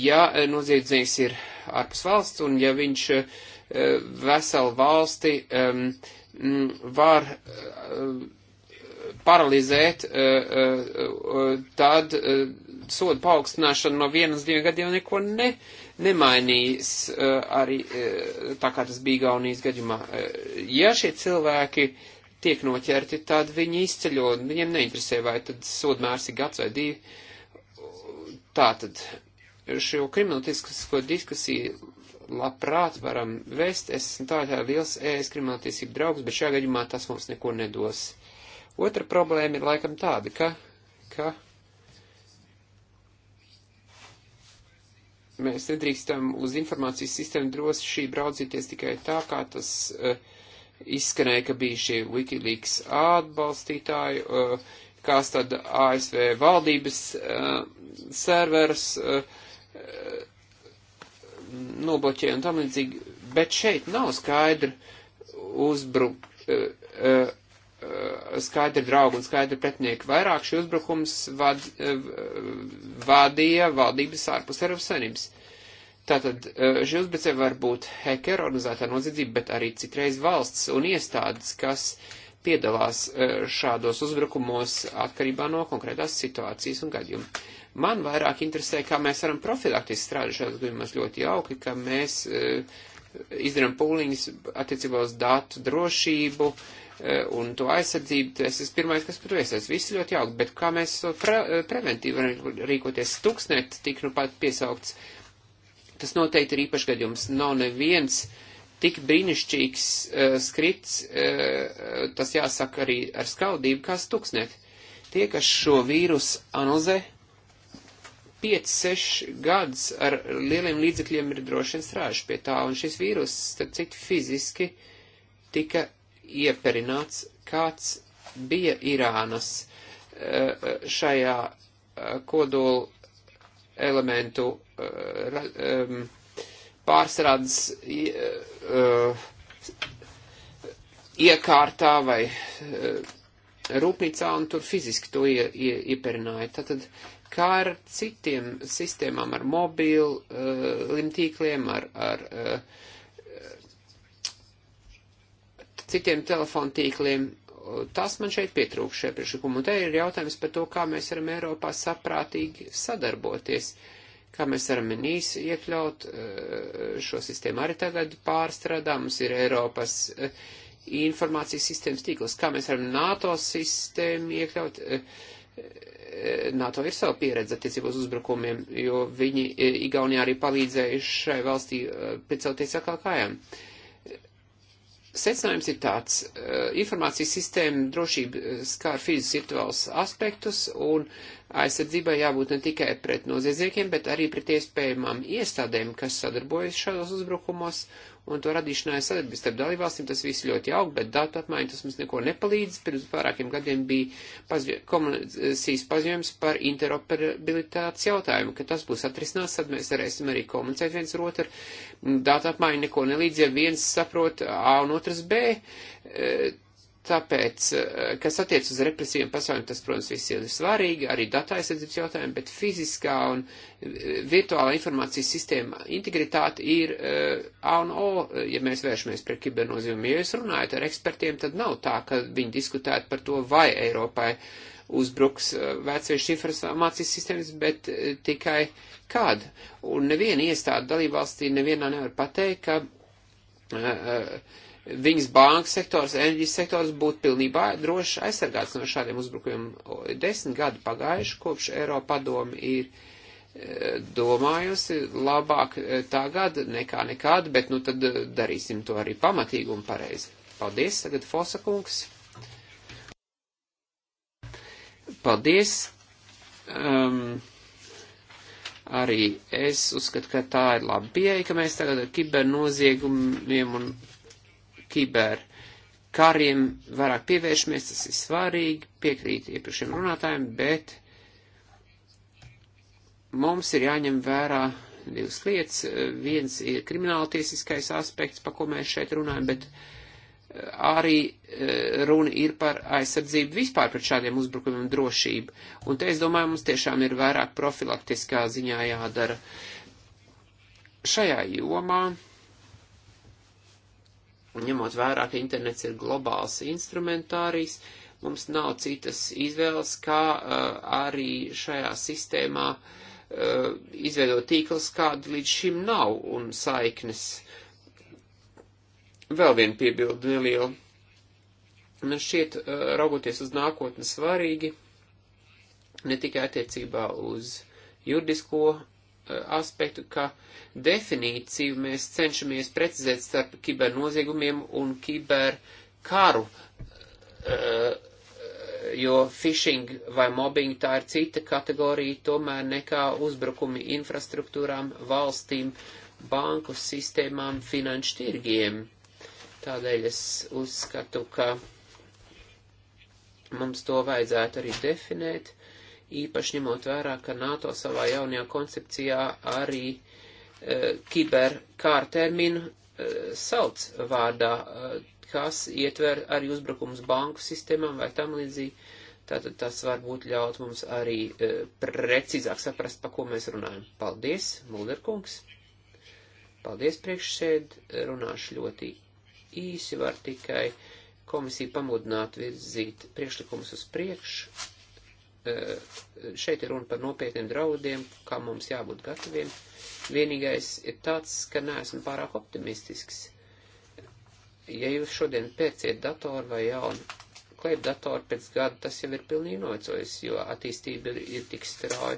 ja noziedznieks ir ārpus valsts un ja viņš uh, Eh, veselu valsti um, var eh, paralizēt, eh, tad sodu paaugstināšana no vienas diviem gadiem neko ne, nemainīs, arī tā kā tas bija Gaunijas gadījumā. Ja šie cilvēki tiek noķerti, tad viņi izceļo, viņiem neinteresē, vai tad sodmērs ir gads vai divi. Tātad šo kriminalistisko diskusiju labprāt varam vest. Es esmu tā kā liels ēs krimināltiesību draugs, bet šajā gadījumā tas mums neko nedos. Otra problēma ir laikam tāda, ka, ka mēs nedrīkstam uz informācijas sistēmu droši braudzīties tikai tā, kā tas uh, izskanēja, ka bija šie Wikileaks atbalstītāji, uh, kas tad ASV valdības uh, servers. Uh, uh nobloķē un tam līdzīgi, bet šeit nav skaidri uzbruk, eh, eh, eh, skaidri draugi un skaidri pretinieki. Vairāk šī uzbrukums vad, vadīja valdības ārpus Eiropas Savienības. Tātad šī uzbrucēja var būt hekera organizētā noziedzība, bet arī citreiz valsts un iestādes, kas piedalās šādos uzbrukumos atkarībā no konkrētās situācijas un gadījuma. Man vairāk interesē, kā mēs varam profilaktiski strādāt šādos gadījumos ļoti jauki, ka mēs eh, izdarām pūliņus attiecībā uz datu drošību eh, un to aizsardzību. Es esmu pirmais, kas tur iesaistās. Viss ļoti jauki, bet kā mēs to pre eh, preventīvi varam rīkoties stuksnet, tik nu pat piesaukts. Tas noteikti ir īpašs gadījums. Nav neviens tik brīnišķīgs uh, skrits, uh, tas jāsaka arī ar skaudību, kā stuksnet. Tie, kas šo vīrusu analizē, 5-6 gadus ar lieliem līdzekļiem ir droši vien strāžu pie tā, un šis vīrus, starp citu, fiziski tika ieperināts, kāds bija Irānas eh, šajā eh, kodolu elementu eh, ehm, pārstrādes iekārtā vai rūpnīcā, un tur fiziski to ie, ie, ieperināja. Tātad kā ar citiem sistēmām, ar mobīlu uh, eh, tīkliem, ar, ar uh, citiem telefonu tīkliem. Tas man šeit pietrūk šajā priekšlikumā. Un te ir jautājums par to, kā mēs varam Eiropā saprātīgi sadarboties, kā mēs varam NIS iekļaut eh, šo sistēmu. Arī tagad pārstrādā mums ir Eiropas informācijas sistēmas tīkls, kā mēs varam NATO sistēmu iekļaut NATO ir sava pieredze attiecībos uzbrukumiem, jo viņi e, Igaunijā arī palīdzējuši šai valstī e, piecelties atkal kājām. Secinājums ir tāds, e, informācijas sistēma drošība skār fiziski virtuālus aspektus un aizsardzībai jābūt ne tikai pret noziedzniekiem, bet arī pret iespējamām iestādēm, kas sadarbojas šādos uzbrukumos un to radīšanai sadarbības starp dalībvalstīm, tas viss ļoti aug, bet datu apmaiņa tas mums neko nepalīdz. Pirms vairākiem gadiem bija paziņo, komisijas paziņojums par interoperabilitātes jautājumu, ka tas būs atrisināts, tad mēs varēsim arī komunicēt viens ar otru. Datu apmaiņa neko nelīdz, ja viens saprot A un otrs B. E, Tāpēc, eh, kas attiec uz represīviem pasauliem, tas, protams, viss ir svarīgi, arī datu aizsardzības jautājumi, bet fiziskā un eh, virtuālā informācijas sistēma integritāte ir uh, A un O, ja mēs vēršamies pret kibernozīmumu. Ja jūs runājat ar ekspertiem, tad nav tā, ka viņi diskutētu par to, vai Eiropai uzbruks vecviešu informācijas sistēmas, bet uh, tikai kad. Un neviena iestāde dalībvalstī nevienā nevar pateikt, ka. Uh, uh, viņas bankas sektors, enerģijas sektors būtu pilnībā droši aizsargāts no šādiem uzbrukumiem. Desmit gadi pagājuši, kopš Eiropa padomi ir e, domājusi labāk e, tagad nekā nekad, bet nu tad e, darīsim to arī pamatīgi un pareizi. Paldies, tagad Fosa kungs. Paldies. Um, arī es uzskatu, ka tā ir laba pieeja, ka mēs tagad ar kibernoziegumiem un kiber kariem vairāk pievēršamies, tas ir svarīgi, piekrīt iepriekšiem runātājiem, bet mums ir jāņem vērā divas lietas. Viens ir krimināltiesiskais aspekts, pa ko mēs šeit runājam, bet eh, arī eh, runa ir par aizsardzību vispār pret šādiem uzbrukumiem drošību. Un te es domāju, mums tiešām ir vairāk profilaktiskā ziņā jādara. Šajā jomā Un ņemot vērā, ka internets ir globāls instrumentārijs, mums nav citas izvēles, kā uh, arī šajā sistēmā uh, izveidot tīklus, kāda līdz šim nav un saiknes. Vēl viena piebilda neliela. Man šķiet, uh, raugoties uz nākotni svarīgi, ne tikai attiecībā uz juridisko Eh, aspektu, ka definīciju mēs cenšamies precizēt starp kibernoziegumiem un kiberkaru, eh, jo phishing vai mobbing tā ir cita kategorija tomēr nekā uzbrukumi infrastruktūrām, valstīm, banku sistēmām, finanšu tirgiem. Tādēļ es uzskatu, ka mums to vajadzētu arī definēt īpaši ņemot vērā, ka NATO savā jaunajā koncepcijā arī e, kiberkārterminu e, sauc vārdā, e, kas ietver arī uzbrukums banku sistēmām vai tam līdzīgi. Tātad tas varbūt ļaut mums arī e, precīzāk saprast, pa ko mēs runājam. Paldies, Mulderkungs! Paldies, priekšsēd, runāšu ļoti īsi, var tikai komisiju pamudināt virzīt priekšlikumus uz priekšu Eh, šeit ir runa par nopietniem draudiem, kā mums jābūt gataviem. Vienīgais ir tāds, ka neesmu pārāk optimistisks. Ja jūs šodien pērciet datoru vai jaunu klēpdatoru pēc gada, tas jau ir pilnīgi nocojis, jo attīstība ir, ir tik strauja.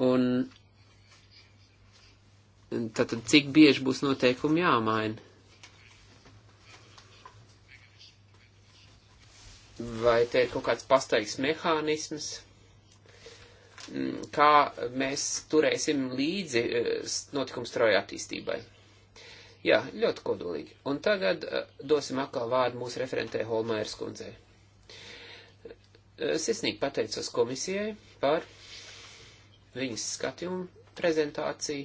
Um, un tātad cik bieži būs noteikumi jāmaina? vai te ir kaut kāds pastaigs mehānisms, mm, kā mēs turēsim līdzi eh, notikumu strauja attīstībai. Jā, ļoti kodolīgi. Un tagad eh, dosim atkal vārdu mūsu referentē Holmairs kundzei. Eh, Sisnīgi pateicos komisijai par viņas skatījumu prezentāciju,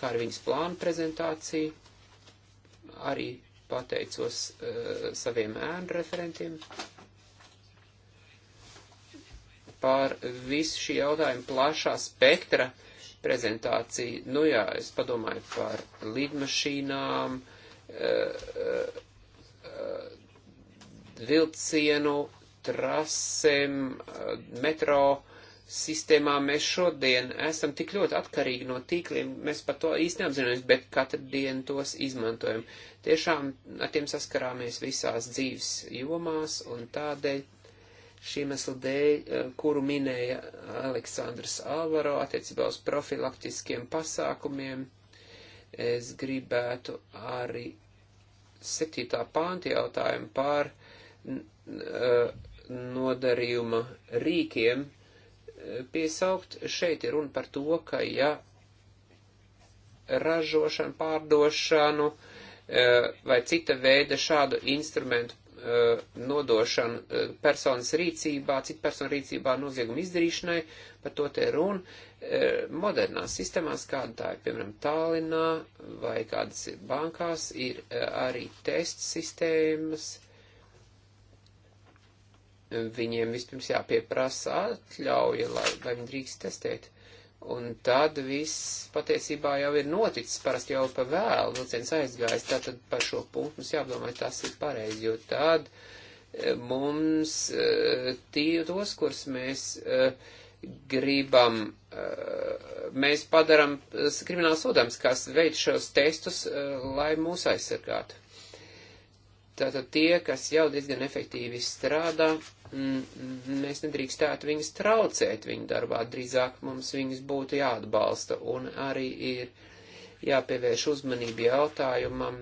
kā ar viņas plānu prezentāciju, arī pateicos uh, saviem ēnu referentiem par visu šī jautājuma plašā spektra prezentāciju. Nu jā, es padomāju par lidmašīnām, uh, uh, vilcienu, trasēm, metro sistēmā mēs šodien esam tik ļoti atkarīgi no tīkliem, mēs par to īsti neapzināmies, bet katru dienu tos izmantojam. Tiešām ar tiem saskarāmies visās dzīves jomās un tādēļ šī mesla dēļ, eh, kuru minēja Aleksandrs Alvaro attiecībā uz profilaktiskiem pasākumiem, es gribētu arī septītā pānta jautājumu pār eh, nodarījuma rīkiem, uh, piesaukt. Šeit ir runa par to, ka ja ražošanu, pārdošanu e, vai cita veida šādu instrumentu e, nodošanu e, personas rīcībā, citu personu rīcībā noziegumu izdarīšanai, par to te runa. Modernās sistēmās, kāda tā ir, piemēram, Tālinā vai kādas ir bankās, ir arī test sistēmas, viņiem vispirms jāpieprasa atļauja, lai, lai viņi drīkst testēt. Un tad viss patiesībā jau ir noticis, parasti jau pa vēlu vilciens aizgājis, tātad par šo punktu mums jādomā, tas ir pareizi, jo tad eh, mums tie, eh, tos, kurus mēs eh, gribam, mēs padaram kriminālu sodāms, kas veic šos testus, lai mūs aizsargātu. Tātad tie, kas jau diezgan efektīvi strādā, mēs nedrīkstētu viņas traucēt viņu darbā, drīzāk mums viņas būtu jāatbalsta un arī ir jāpievērš uzmanību jautājumam,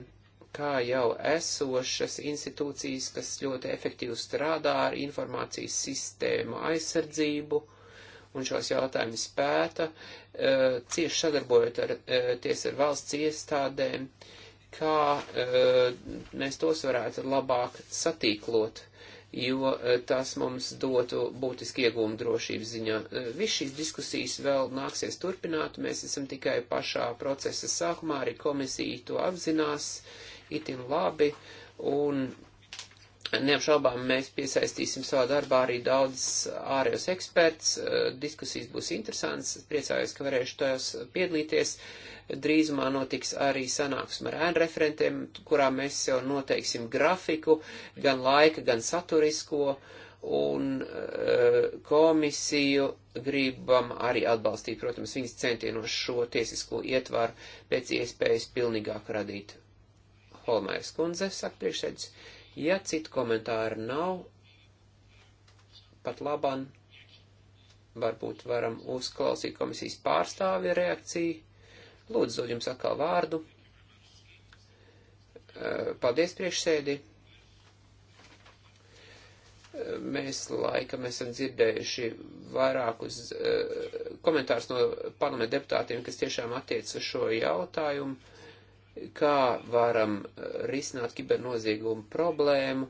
kā jau esošas institūcijas, kas ļoti efektīvi strādā ar informācijas sistēmu aizsardzību un šos jautājumus pēta, e, cieši sadarbojoties ar, e, ar valsts iestādēm, kā e, mēs tos varētu labāk satīklot jo eh, tas mums dotu būtiski iegūmu drošības ziņā. Eh, viss šīs diskusijas vēl nāksies turpināt, mēs esam tikai pašā procesa sākumā, arī komisija to apzinās, itin labi, un Neapšaubām mēs piesaistīsim savā darbā arī daudz ārējos eksperts, eh, diskusijas būs interesants, priecājos, ka varēšu tajos piedalīties. Drīzumā notiks arī sanāksme ar ēnu referentiem, kurā mēs jau noteiksim grafiku, gan laika, gan saturisko, un eh, komisiju gribam arī atbalstīt, protams, viņas centienos šo tiesisko ietvaru pēc iespējas pilnīgāk radīt. Holmēras kundze, saka priekšsēdus Ja citu komentāru nav, pat laban, varbūt varam uzklausīt komisijas pārstāvja reakciju. Lūdzu, dod jums atkal vārdu. Paldies priekšsēdi. Mēs laikam esam dzirdējuši vairākus komentārus no parlamenta deputātiem, kas tiešām attiec uz šo jautājumu kā varam eh, risināt kibernoziegumu problēmu,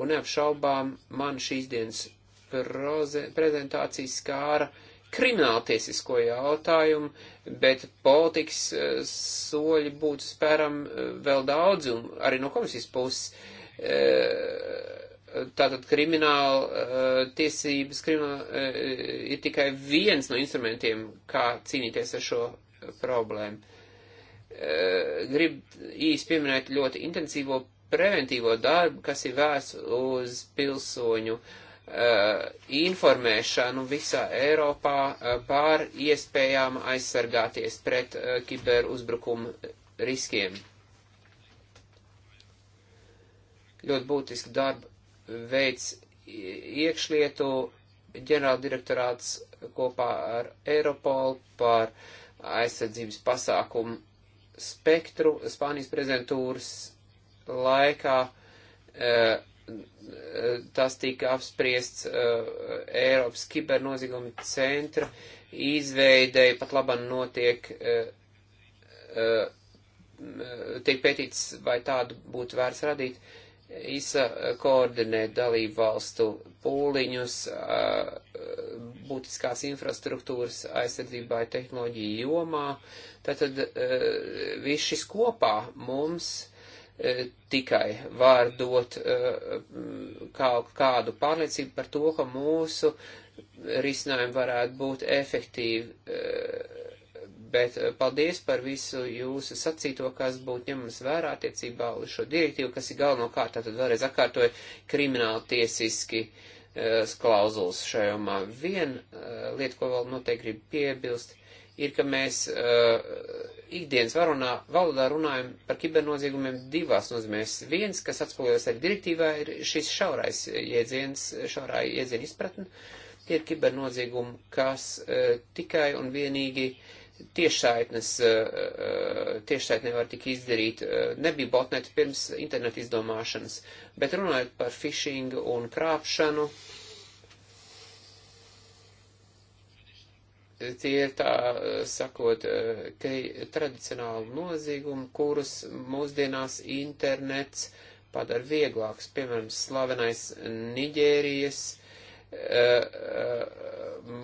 un neapšaubām man šīs dienas prezentācijas skāra krimināltiesisko jautājumu, bet politikas eh, soļi būtu spēram eh, vēl daudz, un arī no komisijas puses tātad krimināla tiesības krimināla, ir tikai viens no instrumentiem, kā cīnīties ar šo problēmu. Eh, grib īsti pieminēt ļoti intensīvo preventīvo darbu, kas ir vērsts uz pilsoņu uh, informēšanu visā Eiropā uh, eh, pār iespējām aizsargāties pret uh, kiberuzbrukumu riskiem. Ļoti būtiski darba veids iekšlietu ģenerāldirektorāts kopā ar Eiropolu par aizsardzības pasākumu spektru Spānijas prezidentūras laikā. Eh, tas tika apspriests eh, Eiropas kibernozīguma centra izveidēja, pat labam notiek, eh, tiek pētīts, vai tādu būtu vērts radīt. ISA koordinē dalību valstu pūliņus, būtiskās infrastruktūras aizsardzībai tehnoloģiju jomā. Tātad viss šis kopā mums tikai var dot kaut kādu pārliecību par to, ka mūsu risinājumi varētu būt efektīvi Bet eh, paldies par visu jūsu sacīto, kas būtu ņemams vērā attiecībā uz šo direktīvu, kas ir galvenokārt, tad vēlreiz atkārtoju, krimināli tiesiski uh, klauzulas šajomā. Viena uh, eh, lieta, ko vēl noteikti gribu piebilst, ir, ka mēs uh, ikdienas varunā, valodā runājam par kibernoziegumiem divās nozīmēs. Viens, kas atspoguļojas arī direktīvā, ir šis šaurais jēdziens, šaurā jēdziena izpratne. Tie ir kibernoziegumi, kas uh, tikai un vienīgi uh, tiešsaitnes, eh, eh, tiešsaitne var tik izdarīt, eh, nebija botnet pirms internetu izdomāšanas, bet runājot par phishingu un krāpšanu, tie ir tā sakot, ka tradicionāli nozīgumi, kurus mūsdienās internets padara vieglāks, piemēram, slavenais Niģērijas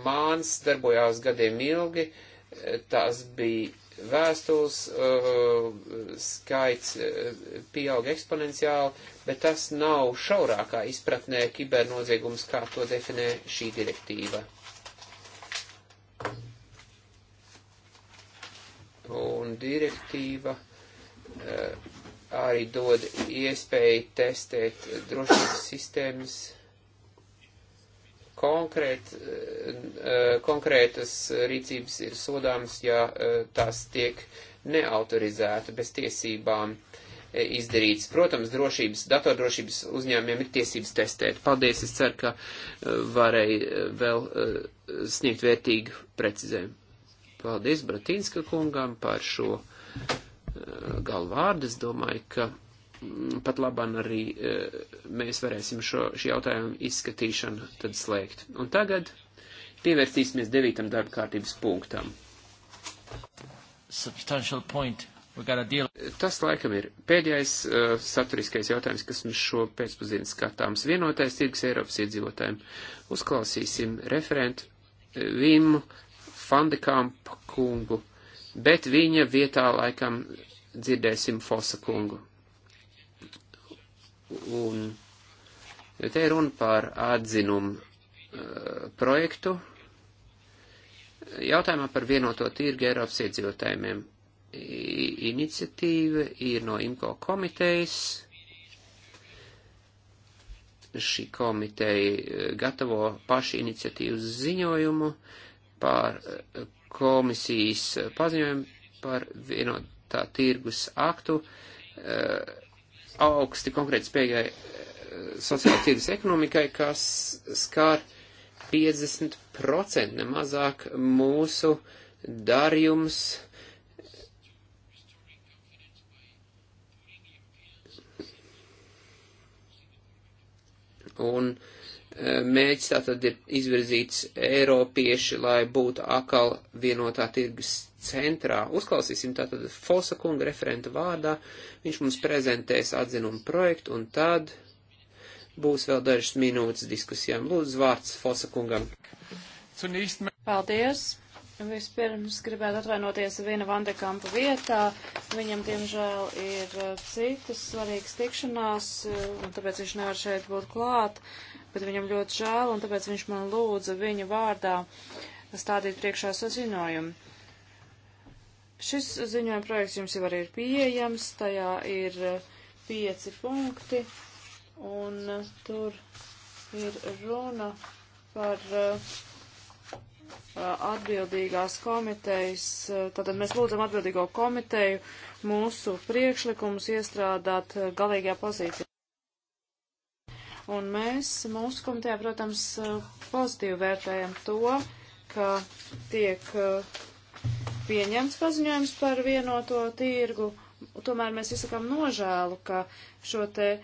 māns darbojās gadiem ilgi, uh, tās bija vēstules, uh, skaits uh, pieauga eksponenciāli, bet tas nav šaurākā izpratnē kibernoziegums, kā to definē šī direktīva. Un direktīva uh, arī dod iespēju testēt drošības sistēmas. Uh, Konkrēt, eh, eh, konkrētas rīcības ir sodāmas, ja eh, tās tiek neautorizēta bez tiesībām izdarīts. Protams, drošības, datordrošības uzņēmumiem ir tiesības testēt. Paldies, es ceru, ka varēju vēl sniegt vērtīgu precizējumu. Paldies Bratīnska kungam par šo galvārdu. Es domāju, ka pat labam arī e, mēs varēsim šo, šī jautājuma izskatīšanu tad slēgt. Un tagad pievērsīsimies devītam darba kārtības punktam. Tas laikam ir pēdējais uh, saturiskais jautājums, kas mums šo pēcpazīstams skatāms. Vienotais tirgus Eiropas iedzīvotājiem. Uzklausīsim referentu e, Vimu Fandekampu kungu, bet viņa vietā laikam dzirdēsim Fosa kungu. Un te ir runa par atzinumu uh, projektu jautājumā par vienoto tirgu Eiropas iedzīvotājiem. Iniciatīva ir no IMCO komitejas. Šī komiteja uh, gatavo pašu iniciatīvas ziņojumu par uh, komisijas paziņojumu par vienotā tirgus aktu. Uh, augsti konkrēti spējai eh, sociāla tirgus ekonomikai, kas skār 50% nemazāk mūsu darījums. Un uh, Mēģis tātad ir izvirzīts Eiropieši, lai būtu akal vienotā tirgus centrā. Uzklausīsim tātad Fosa kunga referenta vārdā. Viņš mums prezentēs atzinumu projektu un tad būs vēl dažas minūtes diskusijām. Lūdzu, vārds Fosa kungam. Paldies! Vispirms gribētu atvainoties viena Vandekampa vietā. Viņam, diemžēl, ir citas svarīgas tikšanās, un tāpēc viņš nevar šeit būt klāt. Uh, bet viņam ļoti žēl, un tāpēc viņš man lūdza viņa vārdā stādīt priekšā saziņojumu. Šis ziņojuma projekts jums jau arī ir pieejams, tajā ir eh, pieci punkti, un eh, tur ir runa par eh, atbildīgās komitejas, tātad mēs lūdzam atbildīgo komiteju mūsu priekšlikumus iestrādāt galīgajā pozīcijā. Un mēs mūsu komitejā, protams, pozitīvi vērtējam to, ka tiek eh, pieņemts paziņojums par vienoto tirgu. Tomēr mēs izsakām nožēlu, ka šo te eh,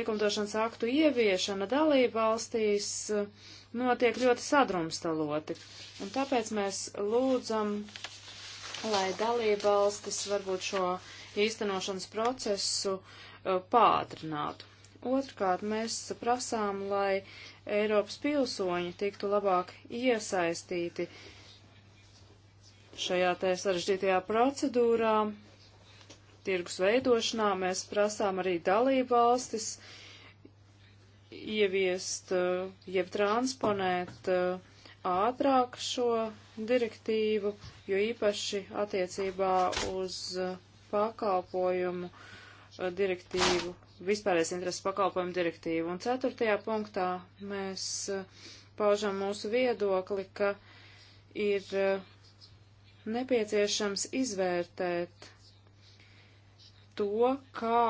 likumdošanas aktu ieviešana dalība valstīs eh, notiek ļoti sadrumstaloti. Un tāpēc mēs lūdzam, lai dalība valstis varbūt šo īstenošanas procesu pātrinātu. Otrkārt, mēs prasām, lai Eiropas pilsoņi tiktu labāk iesaistīti šajā te sarežģītajā procedūrā, tirgus veidošanā. Mēs prasām arī dalību valstis ieviest, jeb transponēt ātrāk šo direktīvu, jo īpaši attiecībā uz pakalpojumu uh, Eh, direktīvu, vispārējais interesu pakalpojumu direktīvu. Un ceturtajā punktā mēs eh, paužam mūsu viedokli, ka ir eh, nepieciešams izvērtēt to, kā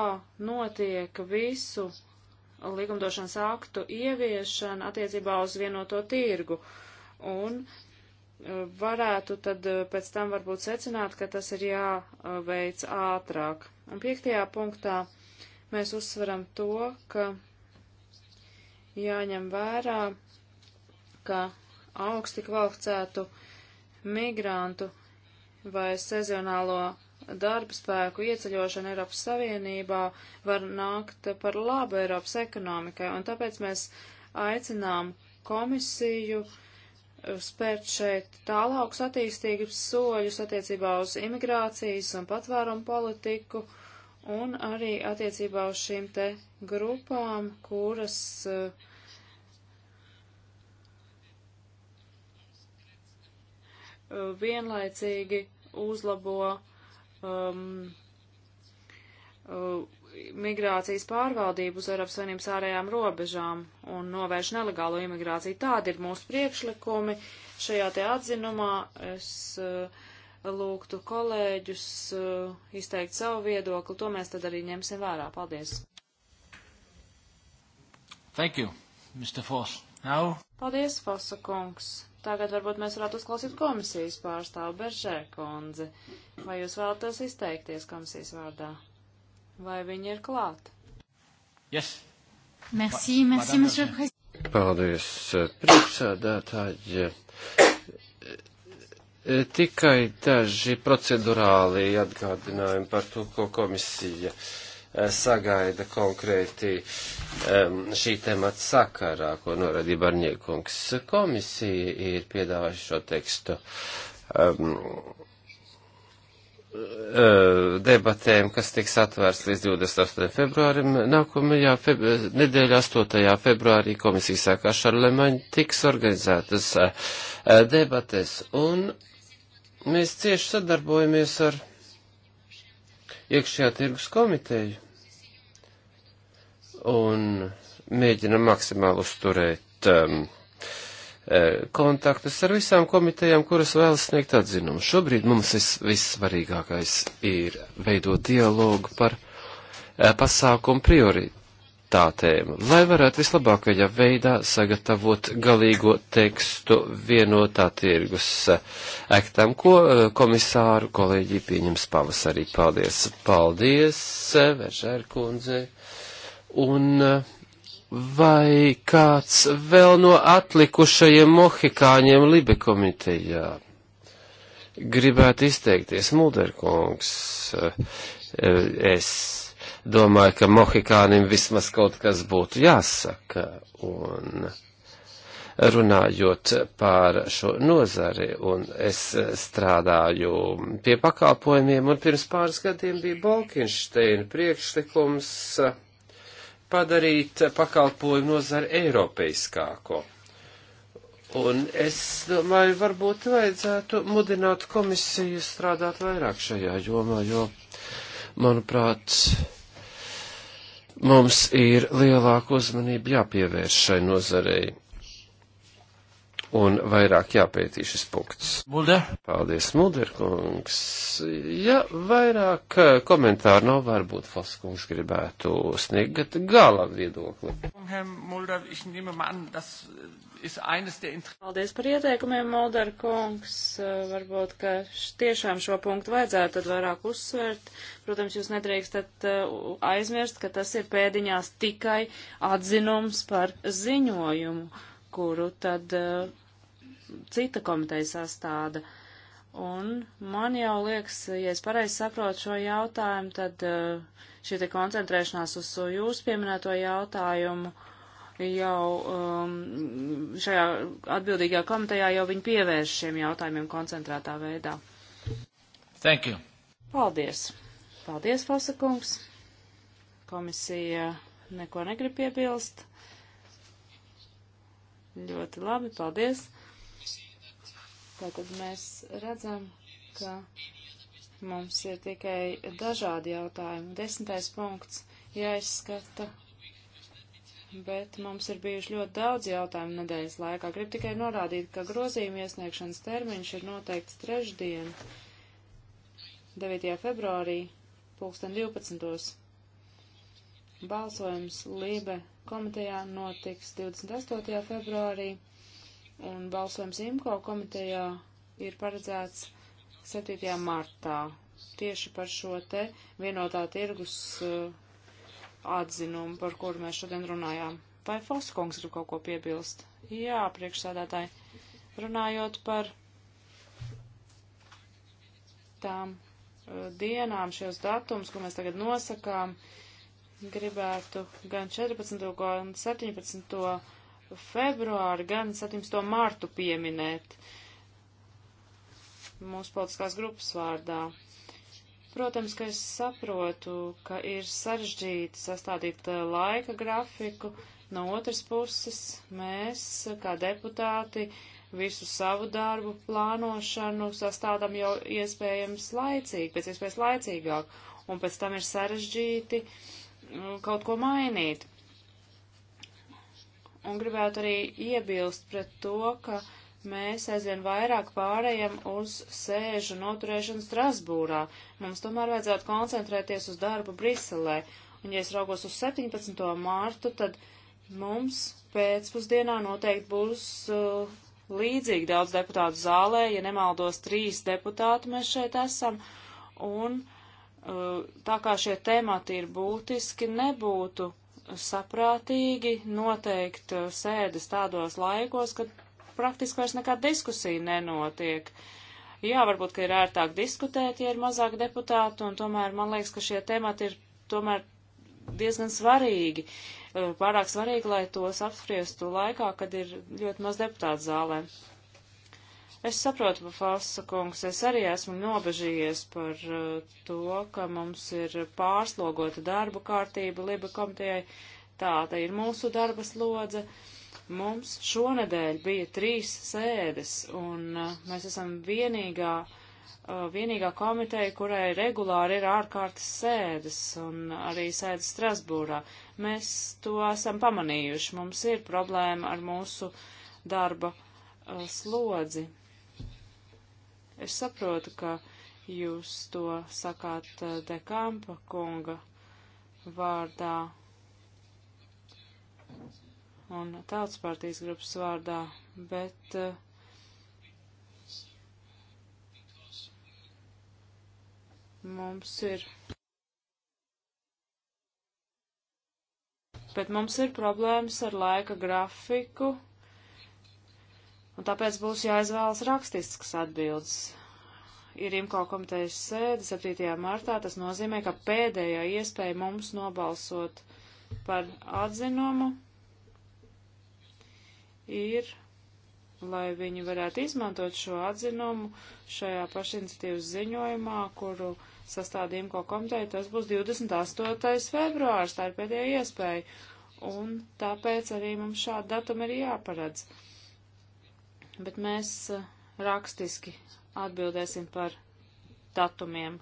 notiek visu likumdošanas aktu ieviešana attiecībā uz vienoto tirgu. Un uh, varētu tad eh, pēc tam varbūt secināt, ka tas ir jāveic ātrāk. Un piektajā punktā mēs uzsveram to, ka jāņem vērā, ka augsti kvalificētu migrantu vai sezonālo darba spēku ieceļošana Eiropas Savienībā var nākt par labu Eiropas ekonomikai, un tāpēc mēs aicinām komisiju uh, spērt šeit tālākus attīstības soļus attiecībā uz imigrācijas un patvērumu politiku un arī attiecībā uz šīm te grupām, kuras uh, vienlaicīgi uzlabo um, uh, migrācijas pārvaldību uz Eiropas Savienības ārējām robežām un novērš nelegālo imigrāciju. Tādi ir mūsu priekšlikumi. Šajā te atzinumā es uh, lūgtu kolēģus uh, izteikt savu viedokli. To mēs tad arī ņemsim vērā. Paldies. Thank you, Mr. Foss. Now. Paldies, Fossa kungs. Tagad varbūt mēs varētu uzklausīt komisijas pārstāvu Beržē kundzi. Vai jūs vēlaties izteikties komisijas vārdā? Vai viņi ir klāt? Yes. Merci, merci, monsieur le président. Paldies, eh, priekšsēdētāji. Eh, eh, tikai daži procedurāli atgādinājumi par to, ko komisija sagaida konkrēti šī temata sakarā, ko norādīja Barņiekungs. Komisija ir piedāvājusi šo tekstu um, Eh, debatēm, kas tiks atvērts līdz 28. februārim. Nākamajā feb nedēļā, 8. februārī, komisijas sākā Šarlemaņa, tiks organizētas eh, debates, un mēs cieši sadarbojamies ar iekšējā tirgus komiteju un mēģinam maksimāli uzturēt um, E, kontaktus ar visām komitejām, kuras vēlas sniegt atzinumu. Šobrīd mums vis, vissvarīgākais ir veidot dialogu par e, pasākumu prioritātēm, lai varētu vislabākajā veidā sagatavot galīgo tekstu vienotā tirgus e, aktam, ko komisāru kolēģi pieņems pavasarī. Paldies! Paldies, Veržērkundze! Un uh, Vai kāds vēl no atlikušajiem mohikāņiem Libe komitejā gribētu izteikties, Mulderkungs? Es domāju, ka mohikānim vismaz kaut kas būtu jāsaka. Un runājot par šo nozari, un es strādāju pie pakalpojumiem, un pirms pāris gadiem bija Bolkinšteina priekšlikums padarīt pakalpojumu nozari eiropeiskāko. Un es domāju, varbūt vajadzētu mudināt komisiju strādāt vairāk šajā jomā, jo, manuprāt, mums ir lielāka uzmanība jāpievērš šai nozarei un vairāk jāpētī šis punkts. Mulder. Paldies, Mulderkungs. Ja vairāk eh, komentāru nav, varbūt Foskungs gribētu sniegt gala viedokli. Äh, Paldies par ieteikumiem, Mulderkungs. Äh, varbūt, ka tiešām šo punktu vajadzētu tad vairāk uzsvērt. Protams, jūs nedrīkstat äh, aizmirst, ka tas ir pēdiņās tikai atzinums par ziņojumu kuru tad uh, cita komiteja sastāda. Un man jau liekas, ja es pareizi saprotu šo jautājumu, tad uh, šī te koncentrēšanās uz jūsu pieminēto jautājumu jau um, šajā atbildīgajā komitejā jau viņi pievērš šiem jautājumiem koncentrētā veidā. Thank you. Paldies. Paldies, Fosakungs. Komisija neko negrib piebilst. Ļoti labi, paldies. Tātad mēs redzam, ka mums ir tikai dažādi jautājumi. Desmitais punkts jāizskata, bet mums ir bijuši ļoti daudz jautājumu nedēļas laikā. Gribu tikai norādīt, ka grozījuma iesniegšanas termiņš ir noteikts trešdien, 9. februārī, 2012. Balsojums Lībe komitejā notiks 28. februārī un balsojums IMCO komitejā ir paredzēts 7. martā tieši par šo te vienotā tirgus eh, atzinumu, par kuru mēs šodien runājām. Vai Foskungs grib kaut ko piebilst? Jā, priekšsādātāji, runājot par tām eh, dienām, šos datums, ko mēs tagad nosakām, gribētu gan 14. gan 17 februāru, gan 17. martu pieminēt mūsu politiskās grupas vārdā. Protams, ka es saprotu, ka ir sarežģīti sastādīt eh, laika grafiku. No otras puses, mēs, kā deputāti, visu savu darbu plānošanu sastādām jau iespējams laicīgi, pēc iespējas laicīgāk, un pēc tam ir sarežģīti mm, kaut ko mainīt un gribētu arī iebilst pret to, ka mēs aizvien vairāk pārējam uz sēžu noturēšanu Strasbūrā. Mums tomēr vajadzētu koncentrēties uz darbu Briselē. Un, ja es raugos uz 17. mārtu, tad mums pēcpusdienā noteikti būs uh, līdzīgi daudz deputātu zālē, ja nemaldos, trīs deputāti mēs šeit esam. Un uh, tā kā šie temati ir būtiski, nebūtu saprātīgi noteikt uh, sēdes tādos laikos, kad praktiski vairs nekā diskusija nenotiek. Jā, varbūt, ka ir ērtāk diskutēt, ja ir mazāk deputātu, un tomēr man liekas, ka šie temati ir tomēr diezgan svarīgi. Uh, pārāk svarīgi, lai tos apspriestu laikā, kad ir ļoti maz deputātu zālē. Es saprotu, Falsa kungs, es arī esmu nobežījies par eh, to, ka mums ir pārslogota darba kārtība Liba komitejai. Tāda ir mūsu darba slodze. Mums šonedēļ bija trīs sēdes, un eh, mēs esam vienīgā eh, vienīgā komiteja, kurai regulāri ir ārkārtas sēdes un arī sēdes Strasbūrā. Mēs to esam pamanījuši. Mums ir problēma ar mūsu darba uh, slodzi. Es saprotu, ka jūs to sakāt eh, Dekampa kunga vārdā un tautas partijas grupas vārdā, bet uh, mums ir. Bet mums ir problēmas ar laika grafiku. Un tāpēc būs jāizvēlas rakstisks atbildes. Ir imko komitejas sēde 7. martā, tas nozīmē, ka pēdējā iespēja mums nobalsot par atzinumu ir lai viņi varētu izmantot šo atzinumu šajā pašiniciatīvas ziņojumā, kuru sastādījumu ko komiteja, tas būs 28. februārs, tā ir pēdējā iespēja. Un tāpēc arī mums šādu datumu ir jāparedz bet mēs eh, rakstiski atbildēsim par datumiem.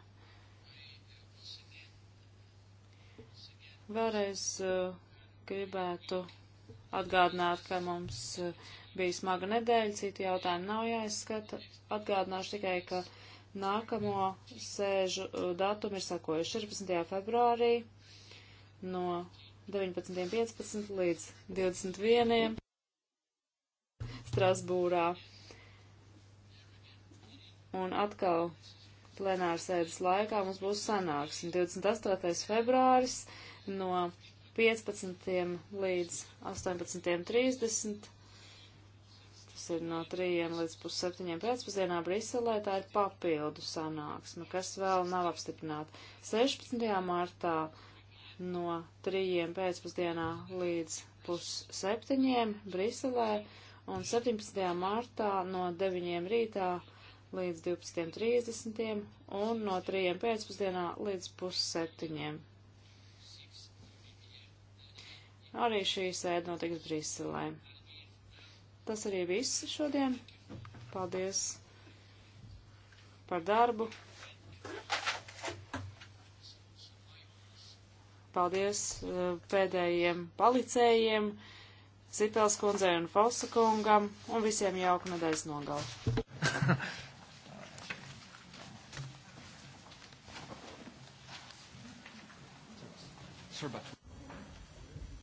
Vēlreiz eh, gribētu atgādināt, ka mums eh, bija smaga nedēļa, citi jautājumi nav jāizskata. Atgādināšu tikai, ka nākamo sēžu datumu ir sakojuši 14. februārī no 19.15 līdz 21. Strasbūrā. Un atkal plenāra sēdes laikā mums būs sanāksme 28. februāris no 15. līdz 18.30. Tas ir no 3 līdz pusseptiņiem pēcpusdienā Briselē. Tā ir papildu sanāksme, kas vēl nav apstiprināta. 16. martā no 3 pēcpusdienā līdz pusseptiņiem Briselē un 17. martā no 9. rītā līdz 12.30 un no 3. pēcpusdienā līdz pusseptiņiem. Arī šī sēde notiks Briselē. Tas arī viss šodien. Paldies par darbu. Paldies eh, pēdējiem palicējiem. Sipels kundzei un Falsa kungam un visiem jauku nedēļas nogalu.